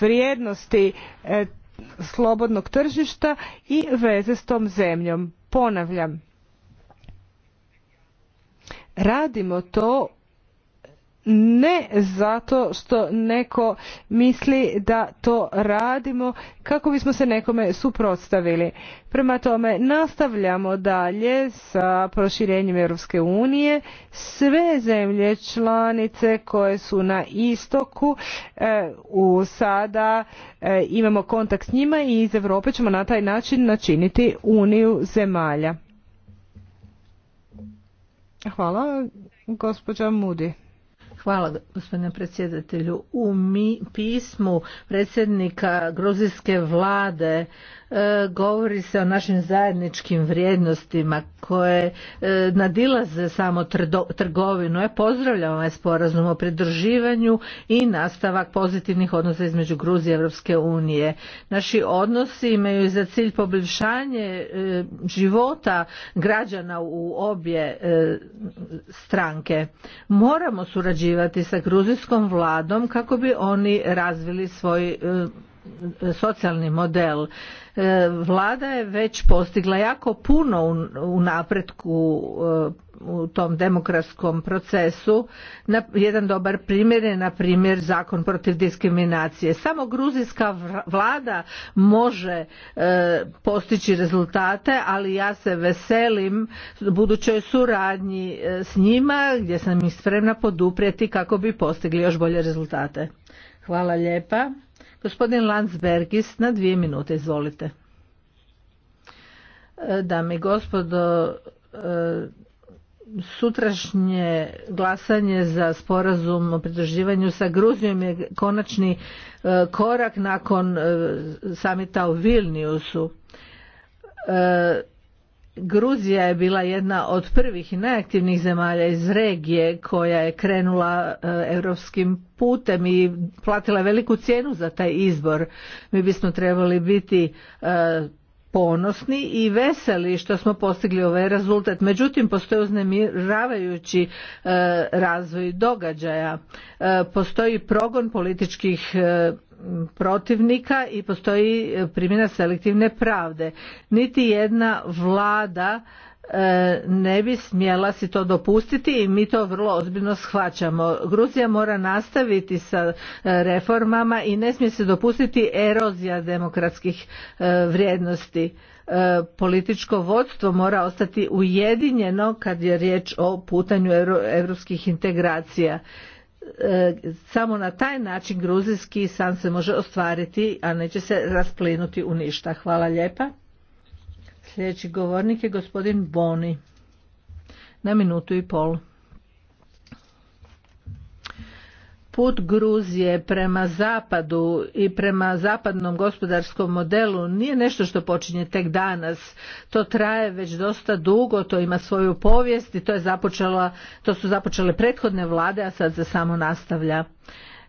vrijednosti slobodnog tržišta i veze s tom zemljom. Ponavljam, radimo to ne zato što neko misli da to radimo kako bismo se nekome suprotstavili. Prema tome nastavljamo dalje sa proširenjem Europske unije. Sve zemlje članice koje su na istoku e, u sada e, imamo kontakt s njima i iz Europe ćemo na taj način načiniti uniju zemalja. Hvala, gospođa Mudi. Hvala gospodine predsjedatelju. U mi, pismu predsjednika gruzijske vlade E, govori se o našim zajedničkim vrijednostima koje e, nadilaze samo trgovinu. Ja e, pozdravljam ovaj sporazum o pridruživanju i nastavak pozitivnih odnosa između Gruzije i Europske unije. Naši odnosi imaju za cilj poboljšanje života građana u obje stranke. Moramo surađivati sa gruzijskom vladom kako bi oni razvili svoj socijalni model. E, vlada je već postigla jako puno u napretku e, u tom demokratskom procesu. Jedan dobar primjer je, na primjer, zakon protiv diskriminacije. Samo gruzijska vlada može e, postići rezultate, ali ja se veselim budućoj suradnji s njima, gdje sam ih spremna poduprijeti kako bi postigli još bolje rezultate. Hvala lijepa. Gospodin Landsbergis na dvije minute, izvolite. E, dame i gospodo, e, sutrašnje glasanje za sporazum o pridruživanju sa Gruzijom je konačni e, korak nakon samita u Vilniusu Gruzija je bila jedna od prvih i najaktivnijih zemalja iz regije koja je krenula e, europskim putem i platila veliku cijenu za taj izbor. Mi bismo trebali biti e, ponosni i veseli što smo postigli ovaj rezultat. Međutim, postoji uznemiravajući e, razvoj događaja. Postoji progon političkih protivnika i postoji primjena selektivne pravde. Niti jedna vlada e, ne bi smjela si to dopustiti i mi to vrlo ozbiljno shvaćamo. Gruzija mora nastaviti sa e, reformama i ne smije se dopustiti erozija demokratskih e, vrijednosti. Političko vodstvo mora ostati ujedinjeno kad je riječ o putanju europskih integracija E, samo na taj način gruzijski san se može ostvariti, a neće se rasplinuti u ništa. Hvala lijepa. Sljedeći govornik je gospodin Boni. Na minutu i pol. put Gruzije prema zapadu i prema zapadnom gospodarskom modelu nije nešto što počinje tek danas. To traje već dosta dugo, to ima svoju povijest i to, je započela, to su započele prethodne vlade, a sad se samo nastavlja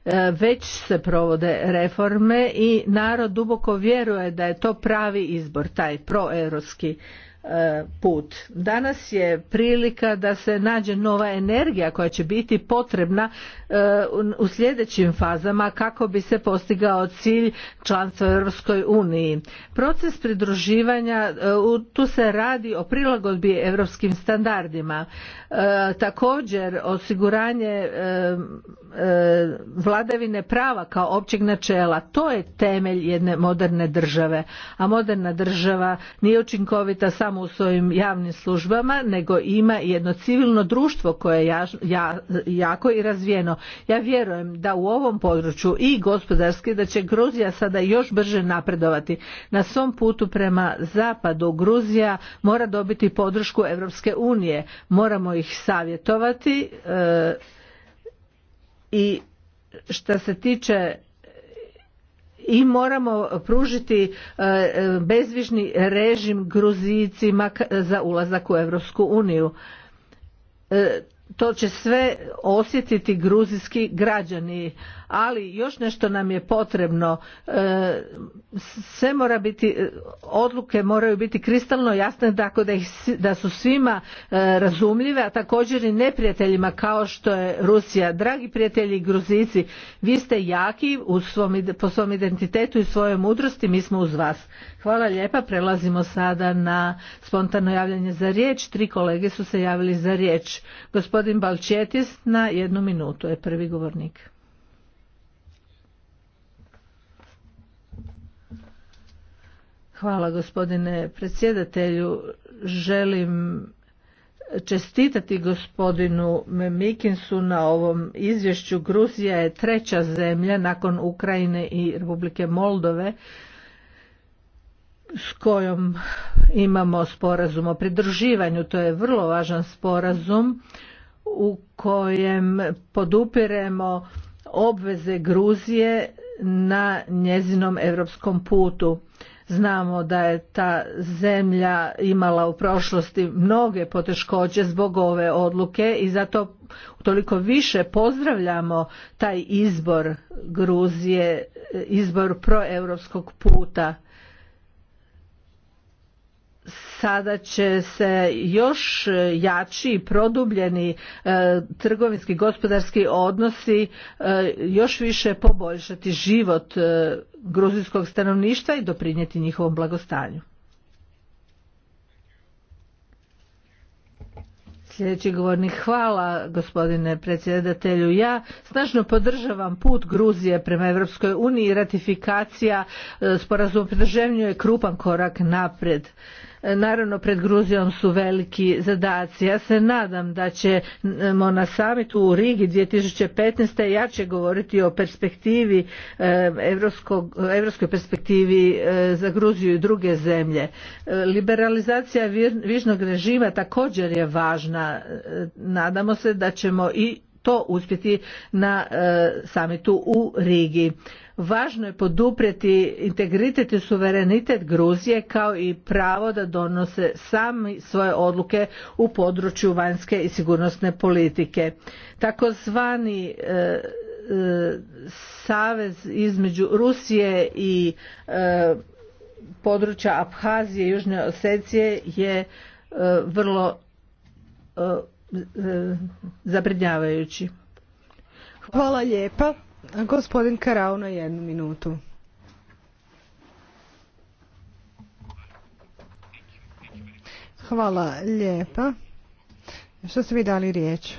e, već se provode reforme i narod duboko vjeruje da je to pravi izbor, taj proeuropski e, put. Danas je prilika da se nađe nova energija koja će biti potrebna u sljedećim fazama kako bi se postigao cilj članstva u Europskoj uniji. Proces pridruživanja e, tu se radi o prilagodbi europskim standardima. E, također osiguranje e, vladavine prava kao općeg načela to je temelj jedne moderne države. A moderna država nije učinkovita samo u svojim javnim službama nego ima jedno civilno društvo koje je jako i razvijeno ja vjerujem da u ovom području i gospodarski da će Gruzija sada još brže napredovati. Na svom putu prema zapadu Gruzija mora dobiti podršku Europske unije. Moramo ih savjetovati e, i što se tiče i moramo pružiti e, bezvižni režim Gruzijicima za ulazak u Europsku uniju. E, to će sve osjetiti gruzijski građani ali još nešto nam je potrebno e, sve mora biti e, odluke moraju biti kristalno jasne tako da, ih, da su svima e, razumljive a također i neprijateljima kao što je Rusija dragi prijatelji Gruzici vi ste jaki u svom, po svom identitetu i svojoj mudrosti mi smo uz vas hvala lijepa prelazimo sada na spontano javljanje za riječ tri kolege su se javili za riječ gospodin Balčetis na jednu minutu je prvi govornik Hvala gospodine predsjedatelju. Želim čestitati gospodinu Mikinsu na ovom izvješću. Gruzija je treća zemlja nakon Ukrajine i Republike Moldove s kojom imamo sporazum o pridruživanju. To je vrlo važan sporazum u kojem podupiremo obveze Gruzije na njezinom europskom putu. Znamo da je ta zemlja imala u prošlosti mnoge poteškoće zbog ove odluke i zato toliko više pozdravljamo taj izbor Gruzije, izbor proeuropskog puta sada će se još jači i produbljeni e, trgovinski gospodarski odnosi e, još više poboljšati život e, gruzijskog stanovništva i doprinijeti njihovom blagostanju. Sljedeći govornik, hvala gospodine predsjedatelju. Ja snažno podržavam put Gruzije prema Europskoj uniji. Ratifikacija sporazum je krupan korak naprijed. E, naravno, pred Gruzijom su veliki zadaci. Ja se nadam da ćemo na samitu u Rigi 2015. jače govoriti o perspektivi, e, evropskoj perspektivi e, za Gruziju i druge zemlje. Liberalizacija vižnog režima također je važna. Nadamo se da ćemo i to uspjeti na samitu u Rigi. Važno je poduprijeti integritet i suverenitet Gruzije kao i pravo da donose sami svoje odluke u području vanjske i sigurnosne politike. Takozvani e, e, savez između Rusije i e, područja Abhazije i Južne Osecije je vrlo zabrinjavajući. Hvala lijepa. Gospodin Karao na jednu minutu. Hvala lijepa. Što ste vi dali riječ?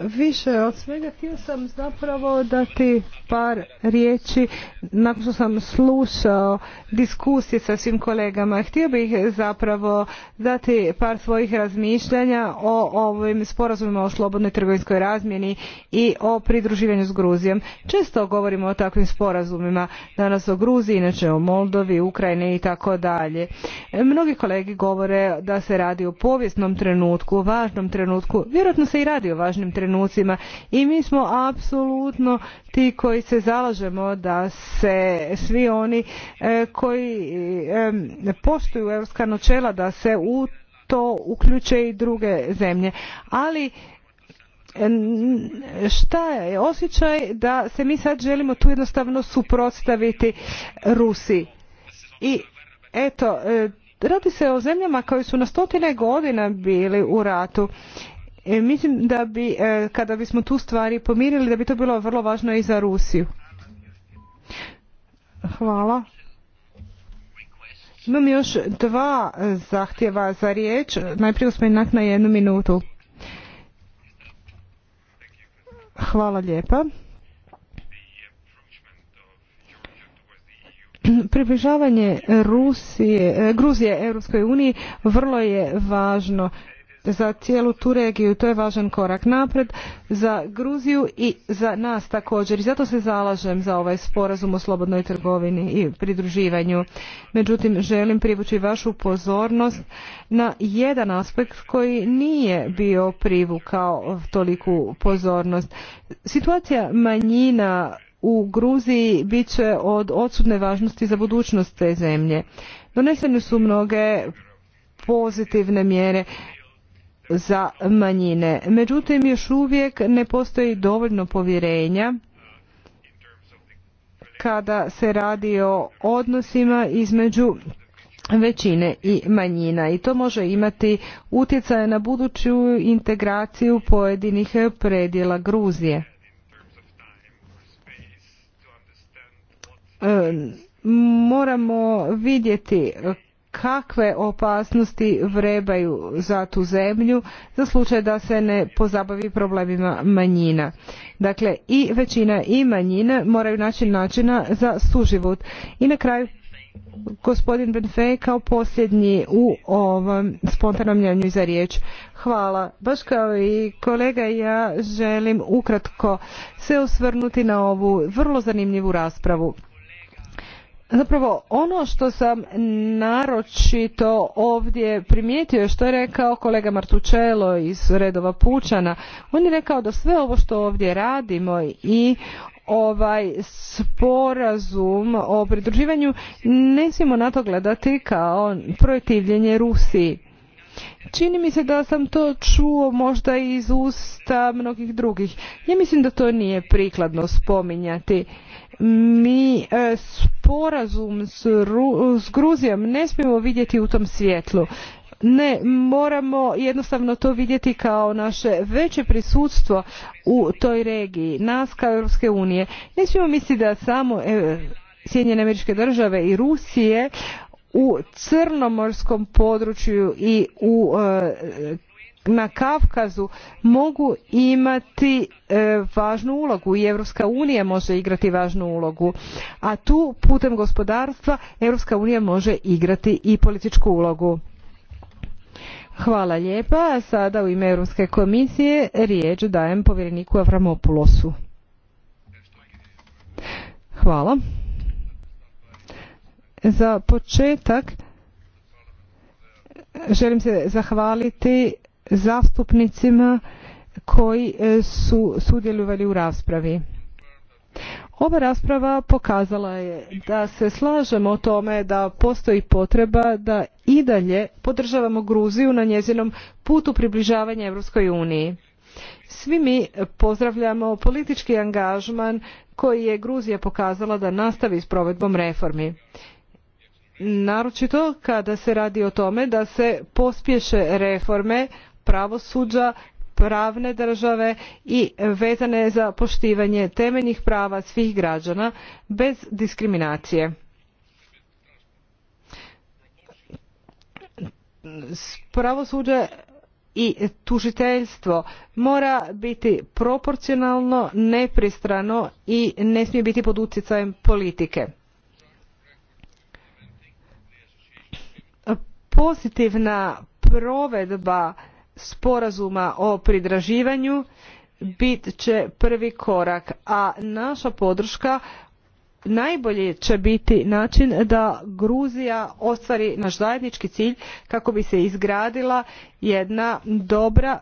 Više od svega htio sam zapravo dati par riječi nakon što sam slušao diskusije sa svim kolegama. Htio bih zapravo dati par svojih razmišljanja o ovim sporazumima o slobodnoj trgovinskoj razmjeni i o pridruživanju s Gruzijom. Često govorimo o takvim sporazumima danas o Gruziji, inače o Moldovi, Ukrajini i tako dalje. Mnogi kolegi govore da se radi o povijesnom trenutku, važnom trenutku. Vjerojatno se i radi o važnim trenutku trenucima i mi smo apsolutno ti koji se zalažemo da se svi oni e, koji e, poštuju europska načela da se u to uključe i druge zemlje ali e, šta je osjećaj da se mi sad želimo tu jednostavno suprotstaviti rusiji i eto radi se o zemljama koje su na stotine godina bili u ratu E, mislim da bi, e, kada bismo tu stvari pomirili, da bi to bilo vrlo važno i za Rusiju. Hvala. Imam još dva e, zahtjeva za riječ. Najprije gospodin Nak na jednu minutu. Hvala lijepa. Približavanje Rusije, Gruzije Europskoj uniji vrlo je važno za cijelu tu regiju. To je važan korak napred za Gruziju i za nas također. I zato se zalažem za ovaj sporazum o slobodnoj trgovini i pridruživanju. Međutim, želim privući vašu pozornost na jedan aspekt koji nije bio privukao toliku pozornost. Situacija manjina u Gruziji bit će od odsudne važnosti za budućnost te zemlje. Donesene su mnoge pozitivne mjere za manjine. Međutim, još uvijek ne postoji dovoljno povjerenja kada se radi o odnosima između većine i manjina i to može imati utjecaje na buduću integraciju pojedinih predjela Gruzije. E, moramo vidjeti kakve opasnosti vrebaju za tu zemlju za slučaj da se ne pozabavi problemima manjina. Dakle, i većina i manjina moraju naći načina za suživot. I na kraju gospodin Benfej kao posljednji u ovom spontanom za riječ. Hvala. Baš kao i kolega ja želim ukratko se osvrnuti na ovu vrlo zanimljivu raspravu. Zapravo ono što sam naročito ovdje primijetio što je rekao kolega Martučelo iz redova Pučana, on je rekao da sve ovo što ovdje radimo i ovaj sporazum o pridruživanju ne smijemo na to gledati kao protivljenje Rusiji. Čini mi se da sam to čuo možda iz usta mnogih drugih. Ja mislim da to nije prikladno spominjati. Mi e, sporazum s, s Gruzijom ne smijemo vidjeti u tom svjetlu. Ne, moramo jednostavno to vidjeti kao naše veće prisustvo u toj regiji, nas kao Europske unije. Ne smijemo misliti da samo e, Sjedinjene američke države i Rusije u crnomorskom području i e, na Kavkazu mogu imati e, važnu ulogu i Europska unija može igrati važnu ulogu. A tu putem gospodarstva Europska unija može igrati i političku ulogu. Hvala lijepa. Sada u ime Europske komisije riječ dajem povjereniku Avramopulosu. Hvala. Za početak želim se zahvaliti zastupnicima koji e, su sudjelovali u raspravi. Ova rasprava pokazala je da se slažemo o tome da postoji potreba da i dalje podržavamo Gruziju na njezinom putu približavanja Europskoj uniji. Svi mi pozdravljamo politički angažman koji je Gruzija pokazala da nastavi s provedbom reformi naročito kada se radi o tome da se pospješe reforme pravosuđa pravne države i vezane za poštivanje temeljnih prava svih građana bez diskriminacije. Pravosuđe i tužiteljstvo mora biti proporcionalno, nepristrano i ne smije biti pod utjecajem politike pozitivna provedba sporazuma o pridraživanju bit će prvi korak a naša podrška najbolji će biti način da Gruzija ostvari naš zajednički cilj kako bi se izgradila jedna dobra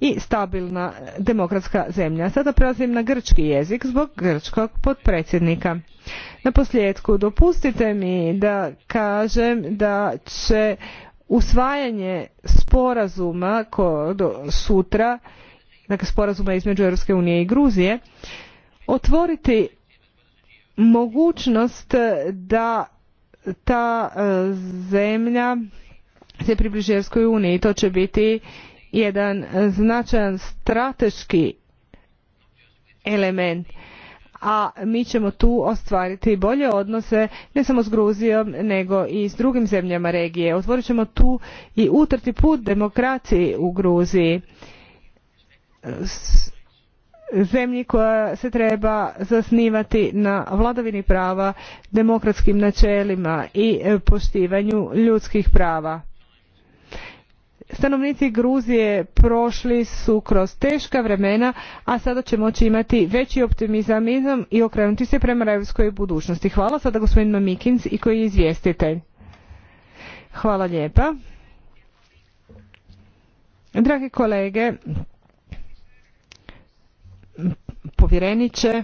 i stabilna demokratska zemlja. Sada prelazim na grčki jezik zbog grčkog potpredsjednika. Na posljedku dopustite mi da kažem da će usvajanje sporazuma kod sutra, dakle sporazuma između Europske unije i Gruzije, otvoriti mogućnost eh, da ta eh, zemlja se približi Europskoj uniji. To će biti jedan eh, značajan strateški element a mi ćemo tu ostvariti bolje odnose ne samo s gruzijom nego i s drugim zemljama regije. otvorit ćemo tu i utrti put demokraciji u gruziji zemlji koja se treba zasnivati na vladavini prava, demokratskim načelima i e, poštivanju ljudskih prava. Stanovnici Gruzije prošli su kroz teška vremena, a sada će moći imati veći optimizam i okrenuti se prema europskoj budućnosti. Hvala sada gospodinu Mikins i koji je izvjestitelj. Hvala lijepa. Dragi kolege, povjereniče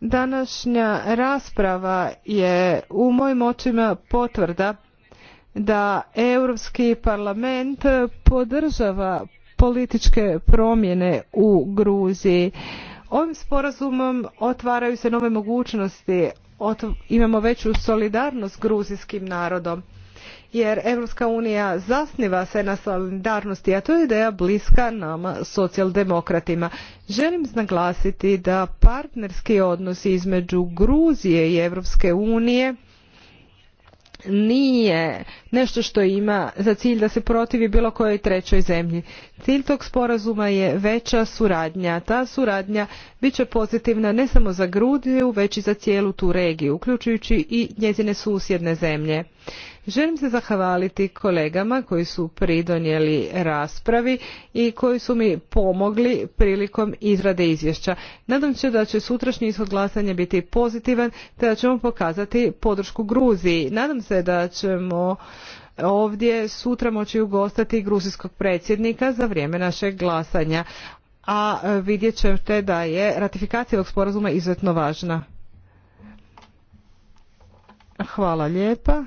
današnja rasprava je u mojim očima potvrda da europski parlament podržava političke promjene u gruziji ovim sporazumom otvaraju se nove mogućnosti imamo veću solidarnost gruzijskim narodom jer Europska unija zasniva se na solidarnosti, a to je ideja bliska nama socijaldemokratima. Želim naglasiti da partnerski odnosi između Gruzije i Europske unije nije nešto što ima za cilj da se protivi bilo kojoj trećoj zemlji. Cilj tog sporazuma je veća suradnja. Ta suradnja bit će pozitivna ne samo za Gruziju, već i za cijelu tu regiju, uključujući i njezine susjedne zemlje. Želim se zahvaliti kolegama koji su pridonijeli raspravi i koji su mi pomogli prilikom izrade izvješća. Nadam se da će sutrašnji ishod glasanja biti pozitivan te da ćemo pokazati podršku Gruziji. Nadam se da ćemo ovdje sutra moći ugostati gruzijskog predsjednika za vrijeme našeg glasanja a vidjet ćete da je ratifikacija ovog sporazuma izuzetno važna. Hvala lijepa.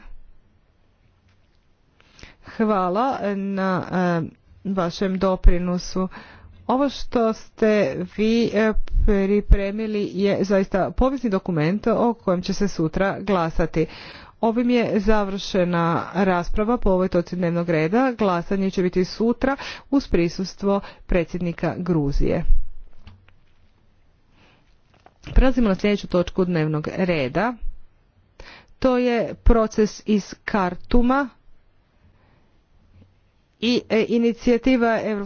Hvala na e, vašem doprinosu. Ovo što ste vi e, pripremili je zaista povijesni dokument o kojem će se sutra glasati. Ovim je završena rasprava po ovoj toci dnevnog reda. Glasanje će biti sutra uz prisustvo predsjednika Gruzije. Prelazimo na sljedeću točku dnevnog reda. To je proces iz Kartuma i e, inicijativa EU